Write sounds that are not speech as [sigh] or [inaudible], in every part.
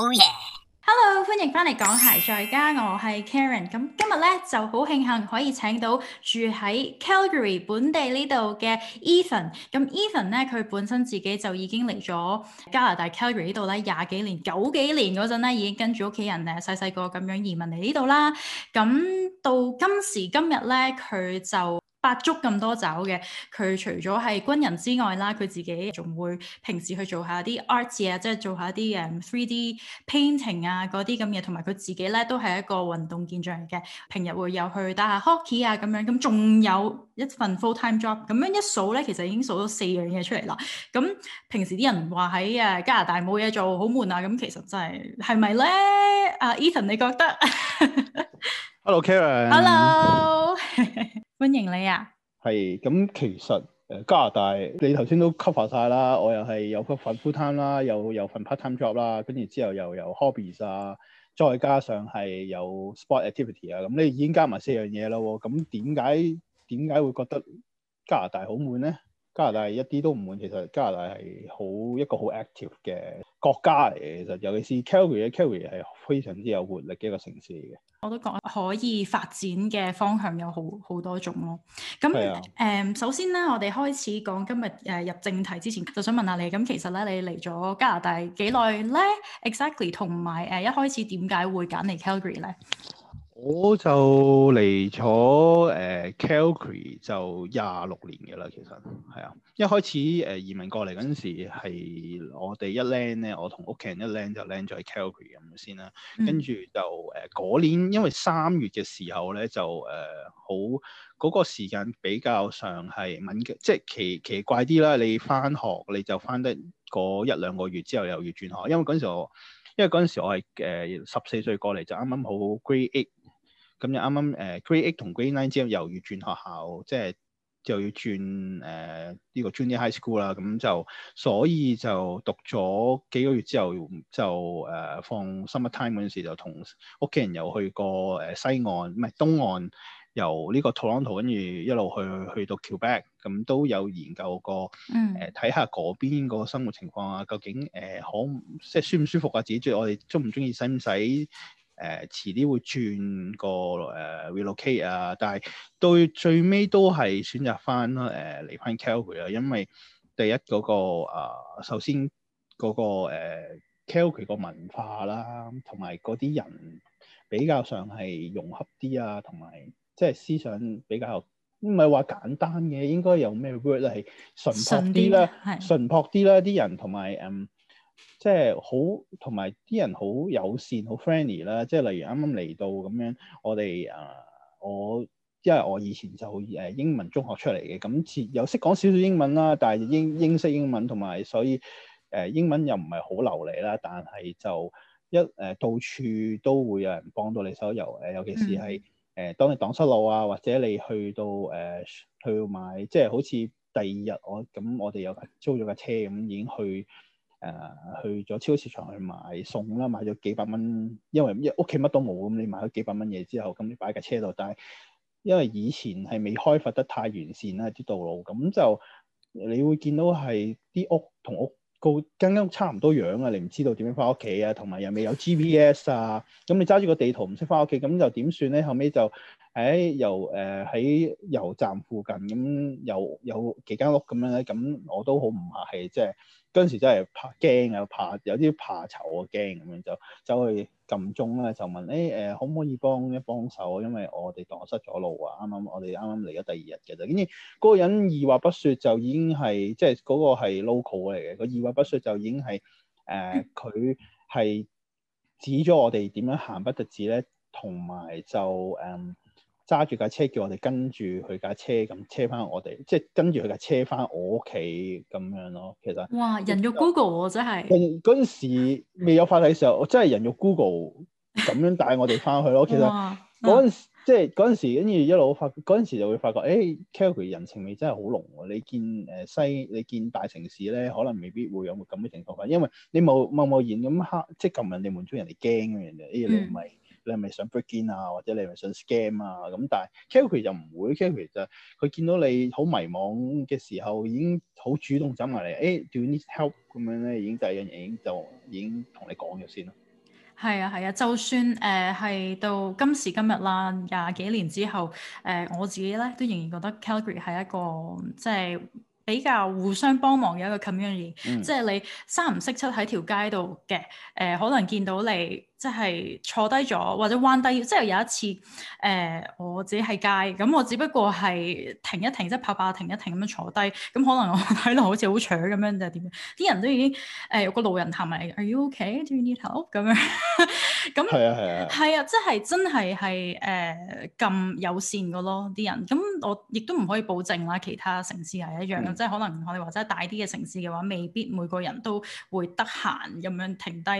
Hello，歡迎翻嚟港孩在加，我係 Karen。咁今日咧就好慶幸，幸可以請到住喺 Calgary 本地、e e、呢度嘅 Ethan。咁 Ethan 咧，佢本身自己就已經嚟咗加拿大 Calgary 呢度咧廿幾年，九幾年嗰陣咧已經跟住屋企人誒細細個咁樣移民嚟呢度啦。咁到今時今日咧，佢就～百足咁多爪嘅，佢除咗係軍人之外啦，佢自己仲會平時去做下啲 art 啊，即係做下啲誒 three D painting 啊嗰啲咁嘢，同埋佢自己咧都係一個運動健將嚟嘅，平日會有去打下 hockey 啊咁樣，咁仲有一份 full time job，咁樣一數咧，其實已經數咗四樣嘢出嚟啦。咁平時啲人話喺誒加拿大冇嘢做，好悶啊，咁其實真係係咪咧？阿、uh, Ethan 你覺得 [laughs] ？Hello Karen。Hello。 [laughs] 歡迎你啊！係咁，其實誒，加拿大你頭先都 cover 晒啦，我又係有份 full time 啦，又有份 part time job 啦，跟住之後又有 hobbies 啊，再加上係有 sport activity 啊，咁、嗯、你已經加埋四樣嘢咯。咁點解點解會覺得加拿大好悶咧？加拿大一啲都唔悶，其實加拿大係好一個好 active 嘅國家嚟，其實尤其是 Calgary，Calgary 係非常之有活力嘅一個城市嚟嘅。我都覺可以發展嘅方向有好好多種咯。咁，誒的、嗯，首先咧，我哋開始講今日誒、呃、入正題之前，就想問下你，咁、嗯、其實咧，你嚟咗加拿大幾耐咧？Exactly，同埋誒，一開始點解會揀嚟 Calgary 咧？我就嚟咗誒、呃、Calgary 就廿六年嘅啦，其實係啊，一開始誒、呃、移民過嚟嗰陣時係我哋一 land 咧，我同屋企人一 land 就 land 咗喺 Calgary 咁先啦。跟住就誒嗰、呃、年，因為三月嘅時候咧就誒、呃、好嗰、那個時間比較上係敏感，即係奇奇怪啲啦。你翻學你就翻得嗰一兩個月之後又要轉學，因為嗰陣時我因為嗰陣時我係誒十四歲過嚟就啱啱好 Grade Eight 咁就啱啱誒 Grade Eight 同 Grade Nine 之後又要轉學校，即、就、係、是、就要轉誒呢、呃這個 Junior High School 啦。咁就所以就讀咗幾個月之後，就誒、呃、放 Summer Time 嗰陣時，就同屋企人又去過誒、呃、西岸，唔係東岸，由呢個 Toronto 跟住一路去去到 Quebec，咁都有研究過誒睇下嗰邊個生活情況啊，究竟誒好、呃、即係舒唔舒服啊？自己住我哋中唔中意，使唔使？誒、呃、遲啲會轉個誒、呃、relocate 啊，但係到最尾都係選擇翻啦，誒嚟翻 Calgary 啊，因為第一嗰、那個啊、呃，首先嗰、那個誒 Calgary 個文化啦，同埋嗰啲人比較上係融合啲啊，同埋即係思想比較唔係話簡單嘅，應該有咩 word 咧係淳樸啲啦，淳樸啲啦啲人同埋嗯。即係好，同埋啲人好友善，好 friendly 啦。即係例如啱啱嚟到咁樣，我哋啊、呃，我因為我以前就誒英文中學出嚟嘅，咁似又識講少少英文啦，但係英英式英，英文同埋，所以誒、呃、英文又唔係好流利啦。但係就一誒、呃、到處都會有人幫到你手遊誒、呃，尤其是係誒、呃、當你蕩失路啊，或者你去到誒、呃、去買，即係好似第二日我咁，我哋有租咗架車咁已經去。誒，去咗超市場去買餸啦，買咗幾百蚊，因為屋企乜都冇咁，你買咗幾百蚊嘢之後，咁你擺喺架車度，但係因為以前係未開發得太完善啦，啲道路咁，就你會見到係啲屋同屋高間間差唔多樣啊，你唔知道點樣翻屋企啊，同埋又未有 GPS 啊，咁你揸住個地圖唔識翻屋企，咁就點算咧？後尾就。喺又誒喺油站附近咁，有、嗯、有幾間屋咁樣咧，咁、嗯、我都好唔客氣，即係嗰陣時真係怕驚啊，怕，怕有啲怕醜啊，驚咁樣就走去撳鐘啦，就問誒誒、欸呃、可唔可以幫一幫手啊？因為我哋蕩失咗路啊，啱啱我哋啱啱嚟咗第二日嘅啫，跟住嗰個人二話不說就已經係即係嗰個係 local 嚟嘅，佢、那個、二話不說就已經係誒佢係指咗我哋點樣行不特止咧，同埋就誒。嗯揸住架車叫我哋跟住佢架車咁車翻我哋，即係跟住佢架車翻我屋企咁樣咯。其實哇，人肉 Google 喎、啊、真係。嗰陣、嗯、時未有快遞時候，我真係人肉 Google 咁樣帶我哋翻去咯。其實嗰陣、啊、即係嗰陣時，跟住一路發嗰陣時就會發覺，誒、欸、Calgary 人情味真係好濃、啊。你見誒西，你見大城市咧，可能未必會有咁嘅情況，因為你冇冒冒然咁黑，即係咁人哋，滿足人哋驚嘅人哋，呢啲唔係。嗯你係咪想 break in 啊，或者你係咪想 scan 啊？咁但係 Calgary 就唔會 Calgary 就佢見到你好迷惘嘅時候，已經好主動走埋嚟。哎、hey，do you need help？咁樣咧，已經第一樣嘢，已經就已經同你講咗先咯。係啊，係啊，就算誒係、呃、到今時今日啦，廿幾年之後，誒、呃、我自己咧都仍然覺得 Calgary 係一個即係比較互相幫忙嘅一個 community、嗯。即係你三唔識七喺條街度嘅誒，可能見到你。即係坐低咗，或者彎低，即係有一次，誒我自己喺街，咁我只不過係停一停，即係拍拍停一停咁樣坐低，咁可能我睇落好似好搶咁樣定係點？啲人都已經誒有個路人行嚟，Are you okay? Do you need help？咁樣，咁係啊，係啊，係啊，即係真係係誒咁友善㗎囉啲人，咁我亦都唔可以保證啦，其他城市係一樣，即係、嗯、可能我哋或者係大啲嘅城市嘅話，未必每個人都會得閒咁樣停低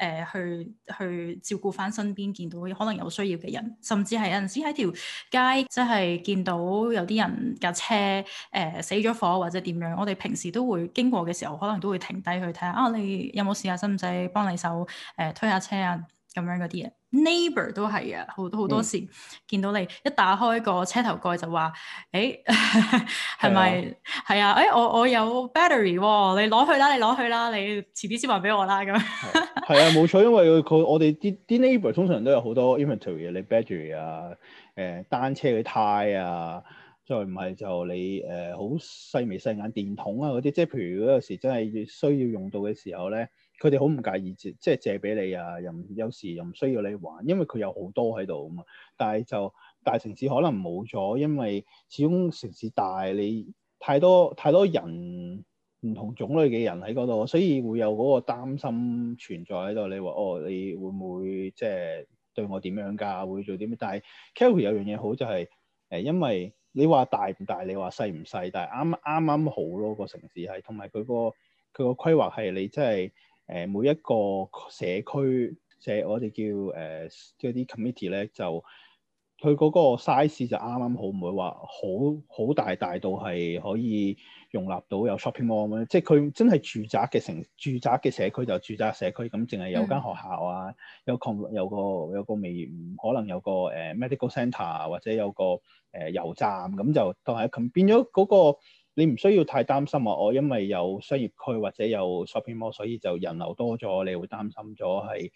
誒去去。去去去去照顧翻身邊見到可能有需要嘅人，甚至係有陣時喺條街即係、就是、見到有啲人架車誒、呃、死咗火或者點樣，我哋平時都會經過嘅時候，可能都會停低去睇下啊，你有冇事呀？使唔使幫你手誒、呃、推下車啊？咁樣嗰啲人 neighbour 都係啊，好多好多時、嗯、見到你一打開個車頭蓋就話：誒係咪係啊？誒、啊啊、我我有 battery 喎，你攞去啦，你攞去啦，你遲啲先還俾我啦。咁樣係啊，冇錯，因為佢我哋啲啲 neighbour 通常都有好多 inventory，啊，你 battery 啊，誒、呃、單車嘅胎啊，再唔係就你誒好細微細眼電筒啊嗰啲，即係譬如嗰時真係需要用到嘅時候咧。佢哋好唔介意借，即係借俾你啊！又唔有時又唔需要你還，因為佢有好多喺度啊嘛。但係就大城市可能冇咗，因為始終城市大，你太多太多人唔同種類嘅人喺嗰度，所以會有嗰個擔心存在喺度。你話哦，你會唔會即係、就是、對我點樣㗎？會做啲咩？但係 Calgary 有樣嘢好就係誒，因為你話大唔大，你話細唔細，但係啱啱啱好咯，個城市係同埋佢個佢個規劃係你真、就、係、是。誒每一個社區社，我哋叫誒即係啲 committee 咧，就佢嗰個 size 就啱啱好，唔會話好好大大到係可以容納到有 shopping mall 咁樣，即係佢真係住宅嘅城、住宅嘅社區就住宅社區咁，淨、嗯、係、嗯、有間學校啊，有有個有個，有個未唔可能有個誒、呃、medical center 或者有個誒、呃、油站咁，嗯、就都係 combine 咗嗰個。你唔需要太擔心啊！我因為有商業區或者有 shopping mall，所以就人流多咗，你會擔心咗係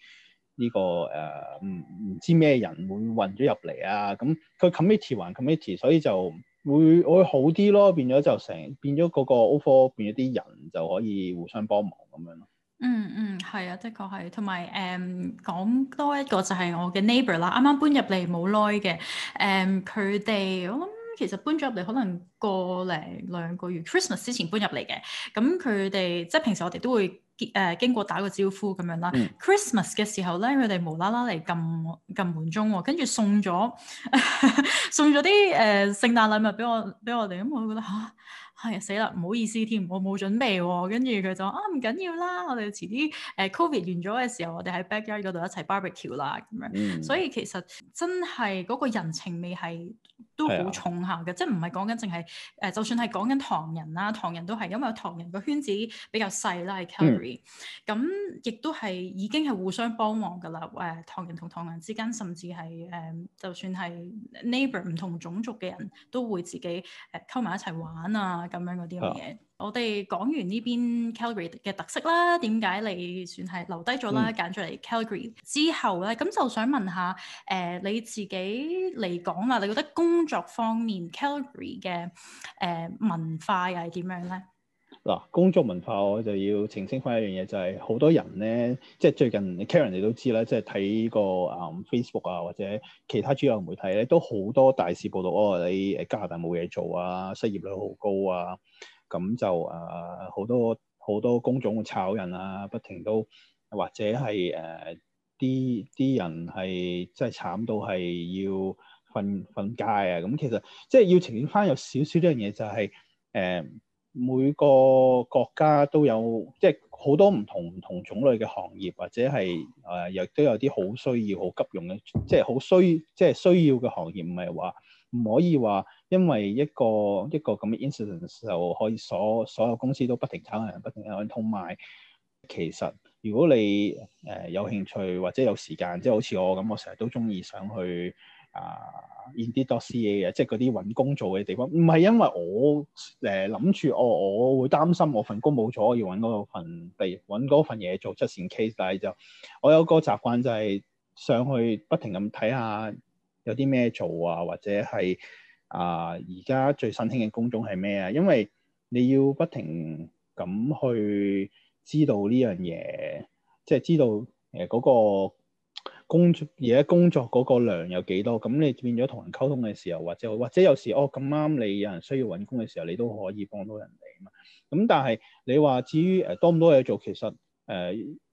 呢個誒唔唔知咩人會運咗入嚟啊！咁佢 committee 還 committee，所以就會會好啲咯。變咗就成變咗嗰個 offer 變咗啲人就可以互相幫忙咁樣咯。嗯嗯，係啊，的確係。同埋誒講多一個就係我嘅 neighbor 啦，啱啱搬入嚟冇耐嘅誒，佢哋其實搬咗入嚟可能過零兩個月，Christmas 之前搬入嚟嘅，咁佢哋即係平時我哋都會誒經過打個招呼咁樣啦。Christmas 嘅時候咧，佢哋無啦啦嚟撳撳門鐘喎，跟住送咗送咗啲誒聖誕禮物俾我俾我哋，咁我都覺得嚇。係死啦！唔、哎、好意思添，我冇準備喎、哦。跟住佢就啊，唔緊要啦，我哋遲啲誒 covid 完咗嘅時候，我哋喺 backyard 度一齊 barbecue 啦咁樣。嗯、所以其實真係嗰、那個人情味係都好重下嘅，嗯、即係唔係講緊淨係誒，就算係講緊唐人啦，唐人都係因為唐人個圈子比較細啦，喺 Calgary、嗯。咁亦都係已經係互相幫忙㗎啦。誒、呃、唐人同唐人之間，甚至係誒、呃、就算係 neighbour 唔同種族嘅人都會自己誒溝埋一齊玩啊～啊啊啊咁樣嗰啲咁嘅嘢，啊、我哋講完呢邊 Calgary 嘅特色啦，點解你算係留低咗啦，揀出嚟、嗯、Calgary 之後咧，咁就想問下誒、呃、你自己嚟講啦，你覺得工作方面 Calgary 嘅誒、呃、文化又係點樣咧？嗱，工作文化我就要澄清翻一樣嘢，就係、是、好多人咧，即係最近 Karen 你都知啦，即係睇個啊 Facebook 啊或者其他主流媒體咧，都好多大事報導哦，你誒加拿大冇嘢做啊，失業率好高啊，咁就誒好、呃、多好多工種炒人啊，不停都或者係誒啲啲人係真係慘到係要瞓瞓街啊，咁、嗯、其實即係要澄清翻有少少呢樣嘢，就係、是、誒。呃每個國家都有即係好多唔同唔同種類嘅行業，或者係誒亦都有啲好需要、好急用嘅，即係好需即係需要嘅行業，唔係話唔可以話，因為一個一個咁嘅 instance 就可以所有所有公司都不停炒人、不停有人。同埋其實如果你誒有興趣或者有時間，即係好似我咁，我成日都中意想去。啊、uh，Indeed.ca 啊，即係嗰啲揾工做嘅地方，唔係因為我誒諗住哦我會擔心我份工冇咗，我要揾嗰份，例如揾嗰份嘢做 just in case，但係就我有個習慣就係上去不停咁睇下有啲咩做啊，或者係啊而家最新興嘅工種係咩啊？因為你要不停咁去知道呢樣嘢，即係知道誒嗰個。工作而家工作嗰個量有幾多？咁你變咗同人溝通嘅時候，或者或者有時哦咁啱，你有人需要揾工嘅時候，你都可以幫到人哋嘛。咁但係你話至於誒多唔多嘢做，其實誒、呃、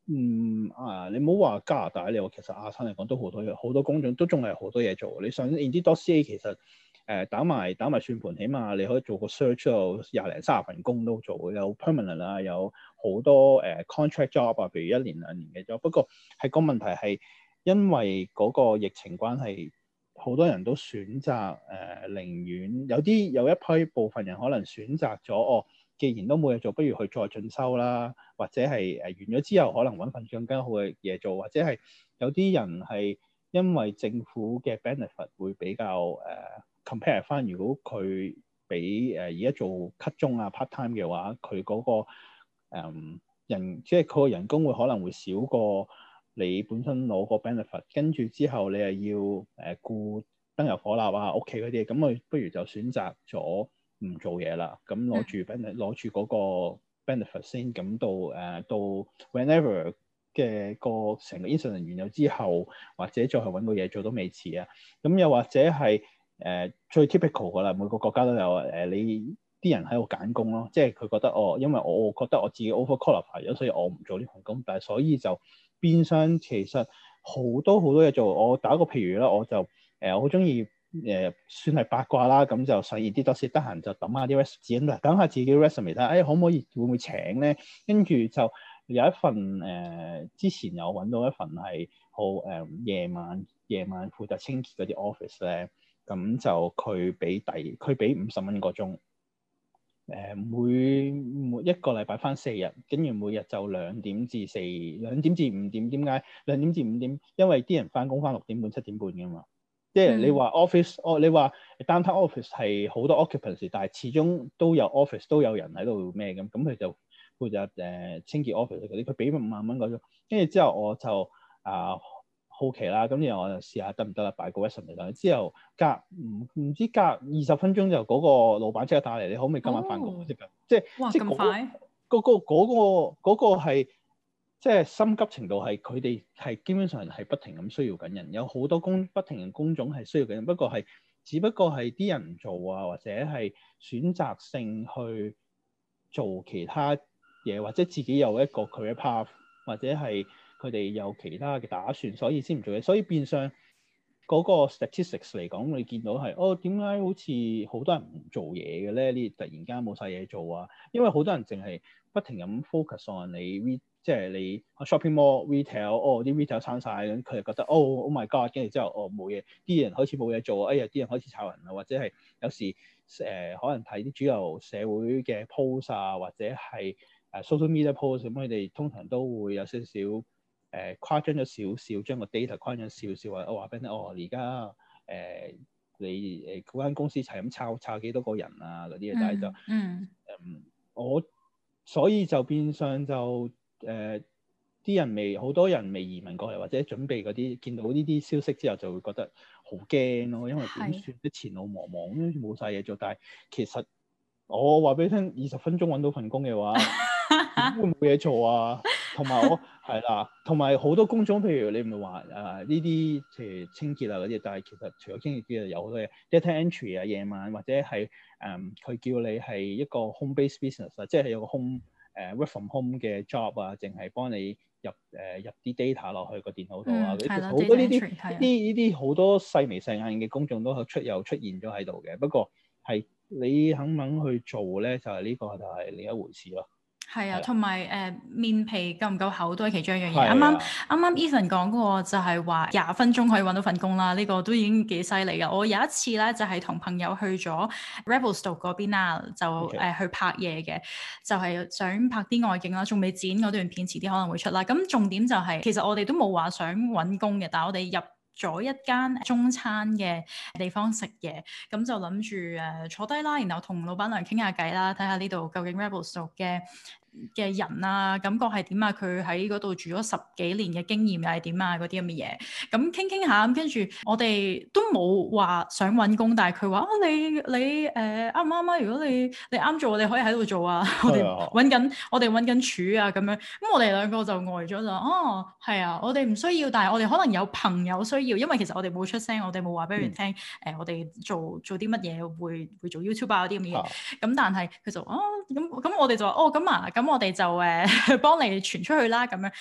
嗯啊，你唔好話加拿大，你話其實亞洲嚟講都好多好多工種，都仲係好多嘢做。你上 Indeed.ca 其實誒、呃、打埋打埋算盤，起碼你可以做個 search 有廿零三十份工都做，有 permanent 啊，有好多誒 contract job 啊，譬如一年兩年嘅 job。不過係個問題係。因為嗰個疫情關係，好多人都選擇誒寧願有啲有一批部分人可能選擇咗哦，既然都冇嘢做，不如去再進修啦，或者係誒、呃、完咗之後可能搵份更加好嘅嘢做，或者係有啲人係因為政府嘅 benefit 會比較誒 compare 返，如果佢俾誒而家做 cut 中啊 part time 嘅話，佢嗰個、呃、人即係佢個人工會可能會少過。你本身攞個 benefit，跟住之後你又要誒顧燈油火蠟啊、屋企嗰啲，咁佢不如就選擇咗唔做嘢啦。咁攞住 benef 攞住嗰個 benefit 先，咁到誒、啊、到 whenever 嘅、嗰個成個 insurance 完咗之後，或者再去揾個嘢做都未遲啊。咁又或者係誒、啊、最 typical 噶啦，每個國家都有誒、啊，你啲人喺度揀工咯，即係佢覺得哦，因為我覺得我自己 overqualified 咗，所以我唔做呢份工，但係所以就。變相其實好多好多嘢做。我打個譬如啦，我就誒好中意誒算係八卦啦。咁就想熱啲多啲，得閒就揼下啲 rest 紙，等下自己 resume 睇下，誒、哎、可唔可以會唔會請咧？跟住就有一份誒、呃、之前有揾到一份係好誒夜晚夜晚負責清潔嗰啲 office 咧。咁就佢俾第佢俾五十蚊個鐘。誒每每一個禮拜翻四日，跟住每日就兩點至四兩點至五點。點解兩點至五點？因為啲人翻工翻六點半七點半㗎嘛。即係你話 off，嗯、office，你話 downtown office 係好多 occupants，但係始終都有 office 都有人喺度咩咁。咁佢就負責誒清潔 office 嗰啲，佢俾五萬蚊嗰種。跟住之後我就啊～、呃好奇啦，咁然後我就試下得唔得啦，擺個 question 嚟啦。之後隔唔唔知隔二十分鐘就嗰個老闆即刻打嚟，你可唔可以今晚翻工？即係即係嗰個嗰個嗰個嗰個係即係心急程度係佢哋係基本上係不停咁需要緊人，有好多工不停嘅工種係需要緊人，不過係只不過係啲人唔做啊，或者係選擇性去做其他嘢，或者自己有一個 career path，或者係。佢哋有其他嘅打算，所以先唔做嘢。所以變相嗰個 statistics 嚟講，你見到係哦，點解好似好多人唔做嘢嘅咧？你突然間冇晒嘢做啊！因為好多人淨係不停咁 focus on 你 ret，即係你 shopping mall、retail，哦啲 retail 撐曬，咁佢就覺得哦 oh my god，跟住之後哦冇嘢，啲人開始冇嘢做啊！哎呀，啲人開始炒人啊，或者係有時誒可能睇啲主流社會嘅 post 啊，或者係誒 social media post 咁，佢哋通常都會有少少。誒誇張咗少少，將個 data 誇張少少，話我話俾你聽，哦而、呃、家誒你誒嗰間公司齊咁炒炒幾多個人啊，嗰啲嘢，嗯、但係就嗯，嗯我所以就變相就誒啲、呃、人未好多人未移民過嚟，或者準備嗰啲見到呢啲消息之後就會覺得好驚咯，因為點算啲前路茫茫，因為冇晒嘢做。但係其實我話俾你聽，二十分鐘揾到份工嘅話，點會冇嘢做啊，同埋 [laughs] 我。係啦，同埋好多工種，譬如你唔係話誒呢啲譬如清潔啊嗰啲，但係其實除咗清潔之外，有好多嘢 data entry 啊，夜晚或者係誒佢叫你係一個 home based business 啊，即係有個 home 誒、uh, work from home 嘅 job 啊，淨係幫你入誒、呃、入啲 data 落去、個電腦度啊，好多呢啲呢啲呢啲好多細眉細眼嘅工種都有出又出現咗喺度嘅，不過係你肯唔肯去做咧，就係、係、呢、呢個就係、係呢個就係呢個就係、另一回事咯。係啊，同埋誒面皮夠唔夠厚都係其中一樣嘢。啱啱啱啱，Ethan 講過就係話廿分鐘可以揾到份工啦，呢、這個都已經幾犀利嘅。我有一次呢，就係、是、同朋友去咗 Revelstoke 嗰邊啊，就誒 Okay.、呃、去拍嘢嘅，就係、是、想拍啲外景啦，仲未剪嗰段片，遲啲可能會出啦。咁重點就係、是、其實我哋都冇話想揾工嘅，但係我哋入。咗一間中餐嘅地方食嘢，咁就諗住誒坐低啦，然後同老闆娘傾下偈啦，睇下呢度究竟 Rebels 熟嘅，嘅人啊，感覺係點啊？佢喺嗰度住咗十幾年嘅經驗又係點啊？嗰啲咁嘅嘢，咁傾傾下，咁跟住我哋都冇話想揾工，但係佢話啊你，你你誒啱唔啱啊？如果你你啱做，你可以喺度做啊！ [laughs] 我哋揾緊，我哋揾緊柱啊，咁樣咁、啊啊、我哋兩個就呆、呃、咗就哦，係啊，啊，我哋唔需要，但係我哋可能有朋友需要，因為其實我哋冇出聲，我哋冇話俾佢聽誒，我哋做做啲乜嘢會會做 YouTube 啊啲咁嘅嘢，咁、嗯、但係佢就哦，咁、啊、咁、啊啊、我哋就話哦咁啊咁。啊 [music] 咁我哋就誒幫 [laughs] 你傳出去啦，咁樣，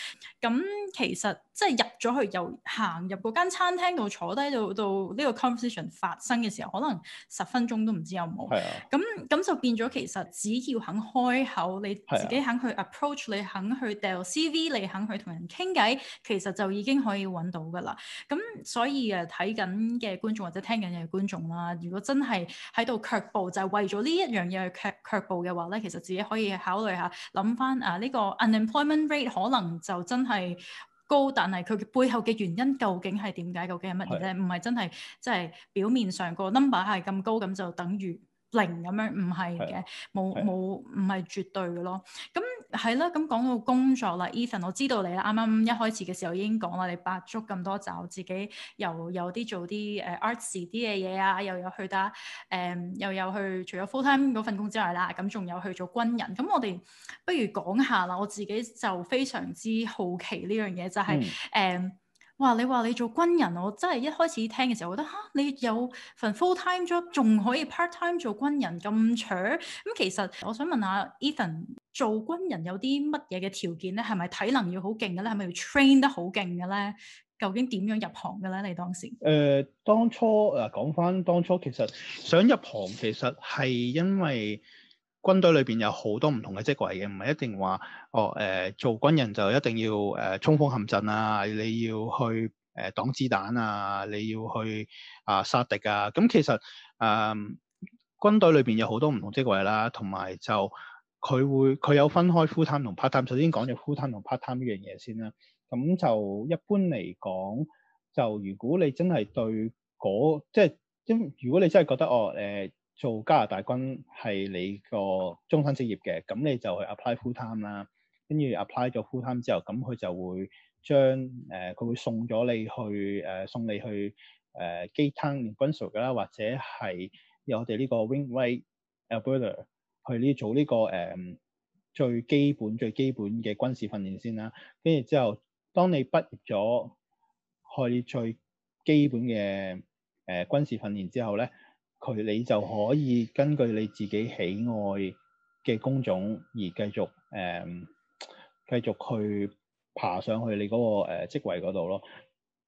咁其實。即係入咗去，又行入嗰間餐廳度坐低，到到呢個 conversation 發生嘅時候，可能十分鐘都唔知有冇。係啊的。咁咁就變咗，其實只要肯開口，你自己肯去 approach，你肯去掉 CV，你肯去同人傾偈，其實就已經可以揾到㗎啦。咁所以誒，睇緊嘅觀眾或者聽緊嘅觀眾啦，如果真係喺度卻步，就係為咗呢一樣嘢去卻卻步嘅話咧，其實自己可以考慮下，諗翻啊，呢個 unemployment rate 可能就真係～高，但係佢背後嘅原因究竟係點解？究竟係乜嘢咧？唔係是的 真係即係表面上個 number 係咁高，咁就等於。零咁樣唔係嘅，冇冇唔係絕對嘅咯。咁係啦，咁講到工作啦，Ethan，我知道你啦。啱啱一開始嘅時候已經講啦，你白足咁多集，自己又有啲做啲誒 arts 啲嘅嘢啊，又有去打誒、呃，又有去除咗 full time 嗰份工之外啦，咁仲有去做軍人。咁我哋不如講下啦，我自己就非常之好奇呢樣嘢，就係、是、誒。嗯嗯哇！你話你做軍人，我真係一開始聽嘅時候，我覺得嚇你有份 full time job，仲可以 part time 做軍人咁搶。咁、嗯、其實我想問下 Ethan，做軍人有啲乜嘢嘅條件咧？係咪體能要好勁嘅咧？係咪要 train 得好勁嘅咧？究竟點樣入行嘅咧？你當時？誒、呃，當初誒講翻當初，其實想入行其實係因為。軍隊裏邊有好多唔同嘅職位嘅，唔係一定話哦誒、呃、做軍人就一定要誒衝鋒陷陣啊，你要去誒擋、呃、子彈啊，你要去啊、呃、殺敵啊。咁、嗯、其實誒、呃、軍隊裏邊有好多唔同職位啦，同埋就佢會佢有分開 full time 同 part time。首先講咗 full time 同 part time 呢樣嘢先啦。咁就一般嚟講，就如果你真係對嗰即係，因、就是、如果你真係覺得哦誒。呃做加拿大軍係你個終身職業嘅，咁你就去 apply full time 啦，跟住 apply 咗 full time 之後，咁佢就會將誒佢、呃、會送咗你去誒送你去誒基坑連軍校啦，或者係有我哋呢個 Wainwright Alberta 去呢做呢、呢個誒、呃、最基本最基本嘅軍事訓練先啦，跟住之後，當你畢業咗去最基本嘅誒、呃、軍事訓練之後咧。佢你就可以根據你自己喜愛嘅工種而繼續誒、嗯、繼續去爬上去你嗰、那個誒、呃、職位嗰度咯，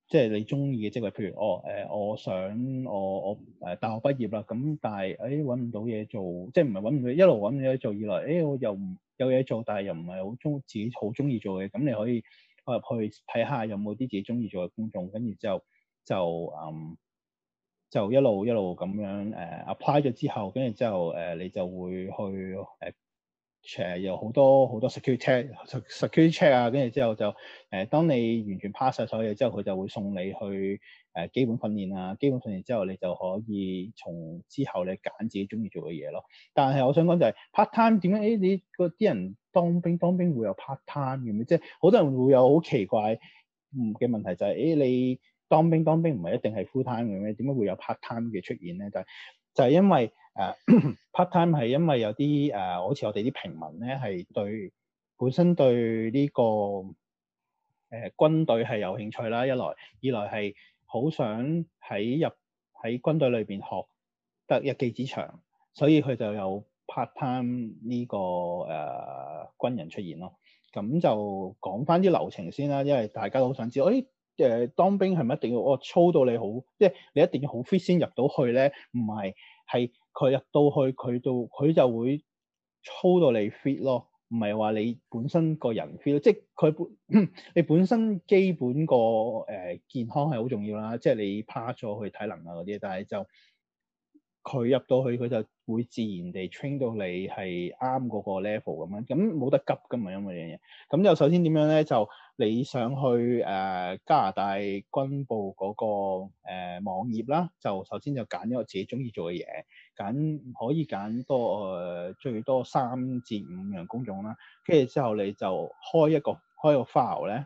即係你中意嘅職位，譬如我誒、哦呃，我想我我誒大學畢業啦，咁但係誒揾唔到嘢做，即係唔係揾唔到，一路揾唔到嘢做以來，誒、哎、我又有嘢做，但係又唔係好中自己好中意做嘅，咁你可以入去睇下有冇啲自己中意做嘅工種，跟住之後就，就嗯。就一路一路咁樣誒、uh, apply 咗之後，跟住之後誒、uh, 你就會去誒 check，有好多好多 security check、uh, security check、security check 啊，跟住之後就誒、uh, 當你完全 pass 晒所有嘢之後，佢就會送你去誒、uh, 基本訓練啊，基本訓練之後你就可以從之後你揀自己中意做嘅嘢咯。但係我想講就係、是、part time 點解？誒、哎、你個啲人當兵當兵會有 part time 嘅咩？即係好多人會有好奇怪嗯嘅問題就係、是、誒、哎、你。當兵當兵唔係一定係 full time 嘅咩？點解會有 part time 嘅出現咧？就係、是、就係、是、因為誒、uh, [coughs] part time 係因為有啲誒，uh, 好似我哋啲平民咧，係對本身對呢、這個誒、uh, 軍隊係有興趣啦。一來二來係好想喺入喺軍隊裏邊學得一技之長，所以佢就有 part time 呢、這個誒、uh, 軍人出現咯。咁就講翻啲流程先啦，因為大家都好想知誒。哎誒、呃、當兵係咪一定要我、哦、操到你好？即係你一定要好 fit 先入到去咧？唔係，係佢入到去，佢到佢就會操到你 fit 咯，唔係話你本身個人 fit 咯。即係佢本 [coughs] 你本身基本個誒、呃、健康係好重要啦。即係你趴咗去體能啊嗰啲，但係就。佢入到去，佢就會自然地 train 到你係啱嗰個 level 咁樣，咁冇得急㗎嘛，因為樣嘢。咁就首先點樣咧？就你想去誒、呃、加拿大軍部嗰、那個誒、呃、網頁啦，就首先就揀一個自己鍾意做嘅嘢，揀可以揀多誒、呃、最多三至五樣工種啦。跟住之後你就開一個開一個 file 咧。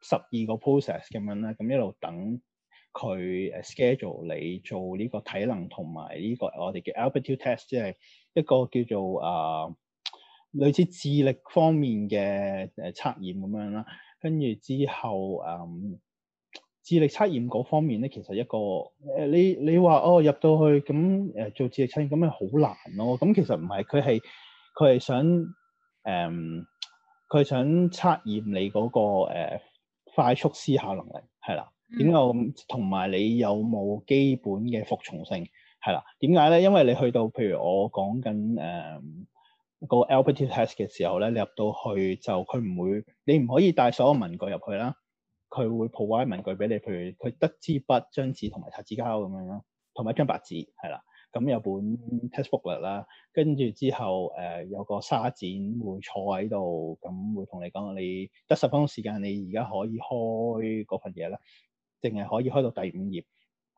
十二個 process 咁樣啦，咁一路等佢 schedule 你做呢個體能同埋呢個我哋嘅 Alberta test，即係一個叫做啊、呃、類似智力方面嘅誒測驗咁樣啦。跟、呃、住之後誒、呃、智力測驗嗰方面咧，其實一個誒你你話哦入到去咁誒、呃、做智力測驗咁樣好難咯。咁其實唔係，佢係佢係想誒佢係想測驗你嗰、那個、呃快速思考能力係啦，點解咁？同埋你有冇基本嘅服從性係啦？點解咧？因為你去到譬如我講緊誒、嗯嗰個 Alberti test 嘅時候咧，你入到去就佢唔會，你唔可以帶所有文具入去啦。佢會 provide 文具俾你，譬如佢得支筆、張紙同埋擦紙膠咁樣啦，同埋一張白紙係啦。咁、嗯、有本 test booklet 啦，跟住之後誒有個沙展會坐喺度，咁會同你講你得十分鐘時間，你而家可以開嗰份嘢啦，淨係可以開到第五頁。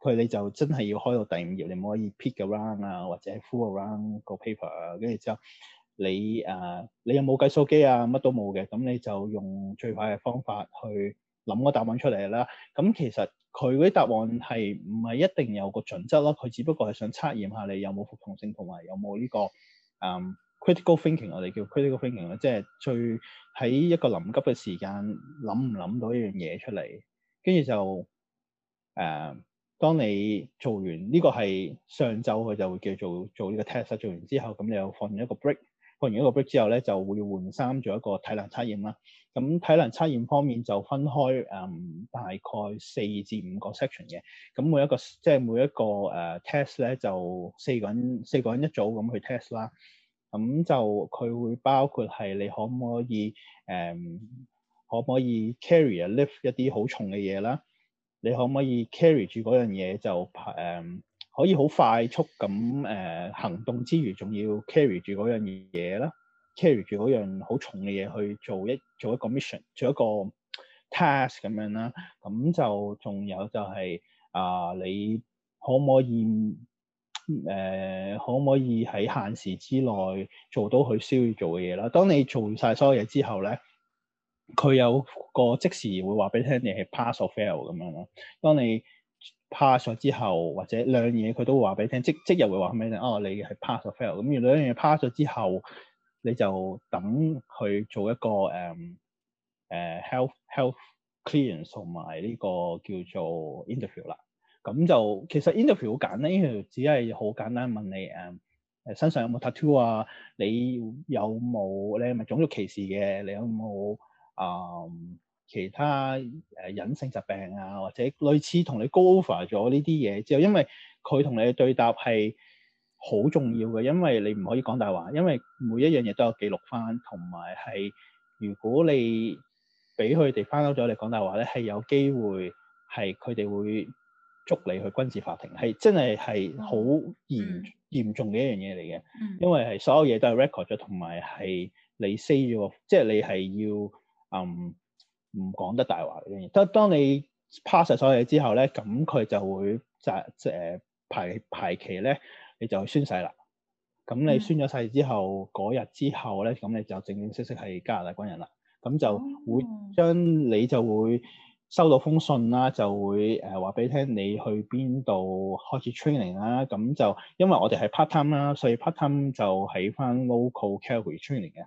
佢你就真係要開到第五頁，你唔可以 pick around 啊，或者 full around 個 paper。跟住之後你誒、呃、你有冇計數機啊，乜都冇嘅，咁你就用最快嘅方法去。諗個答案出嚟啦。咁其實佢嗰啲答案係唔係一定有個準則咯？佢只不過係想測驗下你有冇服從性同埋有冇呢個誒、um, critical thinking，我哋叫 critical thinking 咯，即係最喺一個臨急嘅時間諗唔諗到一樣嘢出嚟，跟住就誒，uh, 當你做完呢個係上晝，佢就會叫做做呢個 test。做完之後，咁你又放一個 break。過完一個 breath 之後咧，就會換衫做一個體能測驗啦。咁、嗯、體能測驗方面就分開誒、嗯，大概四至五個 section 嘅。咁、嗯、每一個即係每一個誒、呃、test 咧，就四個人四個人一組咁去 test 啦。咁、嗯、就佢會包括係你可唔可以誒、嗯，可唔可以 carry lift 一啲好重嘅嘢啦？你可唔可以 carry 住嗰樣嘢就誒、嗯可以好快速咁誒、呃、行動之餘，仲要 car Yeah. carry 住嗰樣嘢啦，carry 住嗰樣好重嘅嘢去做一做一個 mission，做一個 task 咁樣啦。咁就仲有就係、是、啊、呃，你可唔可以誒、呃、可唔可以喺限時之內做到佢需要做嘅嘢啦？當你做晒所有嘢之後咧，佢有個即時會話俾你聽，你係 pass or fail 咁樣咯。當你 pass 咗之後或者兩樣嘢佢都會話俾你聽，即即日會話俾你聽哦，你係 pass 咗 fail 咁。原來兩樣嘢 pass 咗之後，你就等去做一個誒誒、um, uh, health health clearance 同埋呢個叫做 interview 啦。咁就其實 interview 好簡單，interview 只係好簡單問你誒誒、um, 身上有冇 tattoo 啊，你有冇你咪種族歧視嘅，你有冇啊？Um, 其他誒隱性疾病啊，或者類似同你 cover 咗呢啲嘢之後，因為佢同你對答係好重要嘅，因為你唔可以講大話，因為每一樣嘢都有記錄翻，同埋係如果你俾佢哋翻嬲咗，你講大話咧，係有機會係佢哋會捉你去軍事法庭，係真係係好嚴嚴重嘅一樣嘢嚟嘅，嗯嗯、因為係所有嘢都係 record 咗，同埋係你 say 咗，即係你係要嗯。唔講得大話嘅嘢，得當你 pass 晒所有嘢之後咧，咁佢就會就誒排排期咧，你就去宣誓啦。咁你宣咗誓之後，嗰日之後咧，咁你就正正式式係加拿大軍人啦。咁就會將你就會收到封信啦，就會誒話俾你聽，你去邊度開始 training 啦。咁就因為我哋係 part time 啦，所以 part time 就喺翻 local Calgary training 嘅。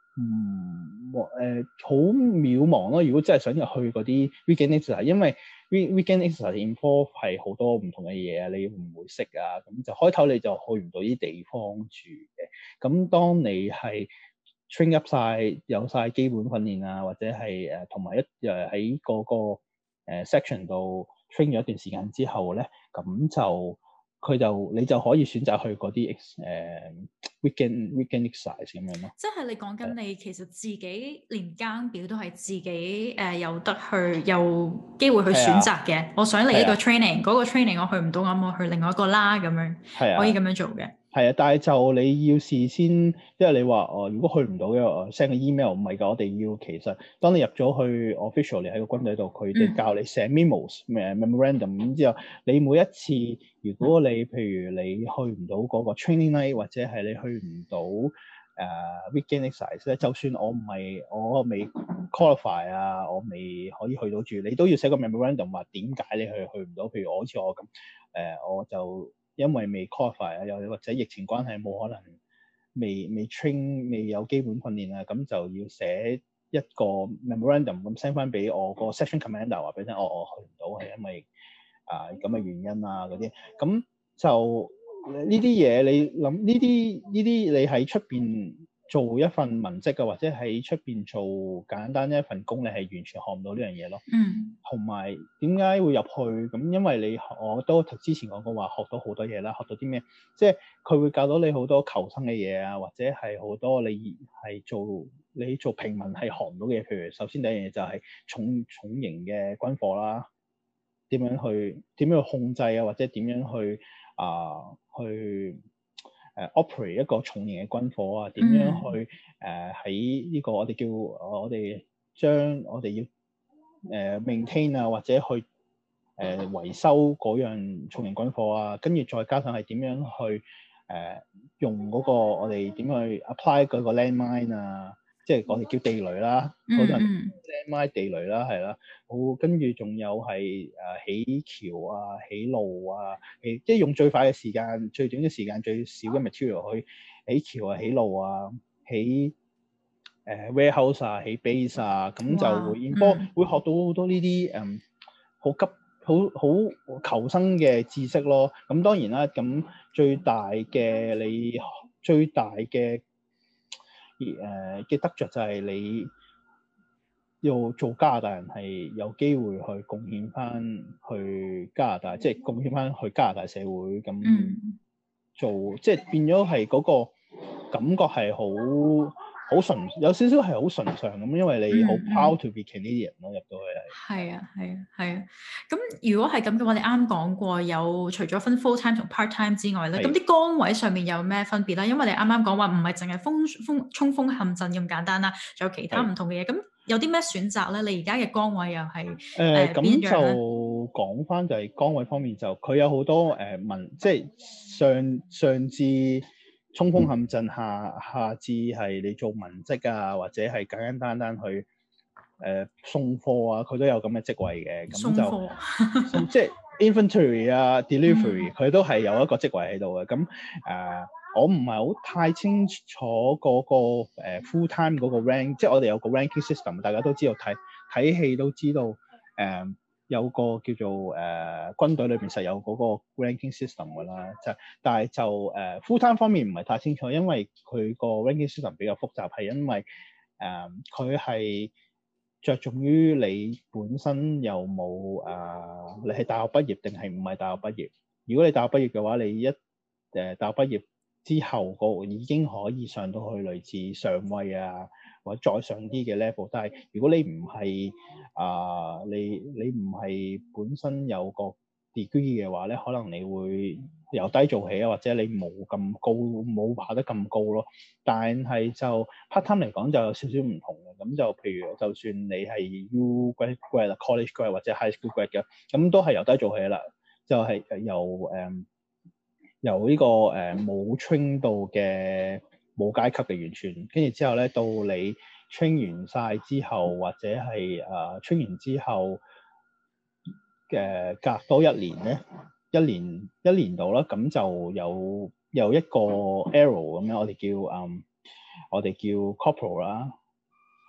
嗯，誒、呃，好渺茫咯。如果真係想入去嗰啲 weekend exercise，因為 weekend exercise involve 係好多唔同嘅嘢啊，你唔會識啊，咁就開頭你就去唔到啲地方住嘅。咁當你係 train up 晒，有晒基本訓練啊，或者係誒同埋一誒喺個個誒 section 度 train 咗一段時間之後咧，咁就。佢就你就可以選擇去嗰啲誒 weekend weekend exercise 咁樣咯。即係你講緊你其實自己連間表都係自己誒、呃、有得去，有機會去選擇嘅。我想嚟一個 training，嗰個 training 我去唔到，我冇去另外一個啦咁樣，係啊可以咁樣做嘅。係啊，但係就你要事先，即係你話哦、呃，如果去唔到嘅，send 個 email 唔係㗎，我哋要其實當你入咗去 official，你喺個軍隊度，佢哋教你寫 memos，memorandum。咁之後，你每一次如果你譬如你去唔到嗰個 training night，或者係你去唔到誒、uh, weekend exercise，就算我唔係我未 qualify 啊，我未可以去到住，你都要寫個 memorandum 話點解你去去唔到。譬如我好似我咁，誒、呃、我就。因為未 cover 啊，又或者疫情關係冇可能未未 train 未有基本訓練啊，咁就要寫一個 memorandum 咁 send 翻俾我個 section commander 話俾佢聽，我我去唔到係因為啊咁嘅原因啊嗰啲。咁就呢啲嘢你諗呢啲呢啲你喺出邊，做一份文職嘅，或者喺出邊做簡單一份工，你係完全學唔到呢樣嘢咯。嗯，同埋點解會入去？咁因為你我都之前講過話學到好多嘢啦，學到啲咩？即係佢會教到你好多求生嘅嘢啊，或者係好多你係做你做平民係學唔到嘅嘢。譬如首先第一樣嘢就係重重型嘅軍火啦，點樣去點樣去控制啊，或者點樣去啊、呃、去，誒、uh, operate 一個重型嘅軍火啊，點樣去誒，喺呢個我哋叫我哋將我哋要誒、uh, maintain 啊，或者去誒維、uh, 修樣重型軍火啊，跟住再加上係點樣去誒、uh, 用個我哋點去 apply 個 landmine 啊？即係我哋叫地雷啦，好多人即係埋地雷啦，係啦、mm。好、hmm. 哦、跟住仲有係誒起橋啊、起路啊，即係用最快嘅時間、最短嘅時間、最少嘅 material 去起橋啊、起路啊、起誒 warehouse 啊、起 base 啊，咁就會 board，不、嗯、過會學到好多呢啲誒好急好好求生嘅知識咯。咁、嗯、當然啦，咁最大嘅你最大嘅。誒嘅得着就係你要做加拿大人係有機會去貢獻翻去加拿大，嗯、即係貢獻翻去加拿大社會咁做，即係變咗係嗰個感覺係好。好純有少少係好純常咁，因為你好 proud to be Canadian 咯，嗯、入到去係。啊，係啊，係啊。咁如果係咁嘅話，你啱講過有除咗分 full time 同 part time 之外咧，咁啲是崗位上面有咩分別咧？因為你啱啱講話唔係淨係風風衝鋒陷陣咁簡單啦，仲有其他唔同嘅嘢。咁是有啲咩選擇咧？你而家嘅崗位又係誒，咁就講翻就係崗位方面，就佢有好多誒問、呃，即係上上，上至。衝鋒陷陣下，下至係你做文職啊，或者係簡簡單單去誒、呃、送貨啊，佢都有咁嘅職位嘅。咁貨就 [laughs] 即係 infantry 啊 delivery，佢都係有一個職位喺度嘅。咁誒、嗯嗯嗯，我唔係好太清楚嗰、嗰個、呃、full time 嗰、嗯、個 rank，即係我哋有個 ranking system，大家都知道睇睇戲都知道誒。嗯有個叫做誒、呃、軍隊裏邊實有嗰個 ranking system 㗎啦，就但係就誒 full time 方面唔係太清楚，因為佢個 ranking system 比較複雜，係因為誒佢係着重於你本身有冇誒、呃，你係大學畢業定係唔係大學畢業？如果你大學畢業嘅話，你一誒、呃、大學畢業之後個已經可以上到去類似上尉啊。或者再上啲嘅 level，但係如果你唔係啊，你你唔係本身有個 degree 嘅話咧，可能你會由低做起啊，或者你冇咁高，冇爬得咁高咯。但係就 part-time 嚟講就有少少唔同嘅，咁就譬如就算你係 U grade grade 啦，college grade 或者 high school grade 嘅，咁都係由低做起啦，就係、是、由誒、um, 由呢、這個誒冇 train 度嘅。Um, 冇階級嘅完全，跟住之後咧，到你 train 完晒之後，或者係誒 train 完之後嘅、呃、隔多一年咧，一年一年度啦，咁就有有一個 arrow 咁樣，我哋叫誒、嗯、我哋叫 corporal 啦，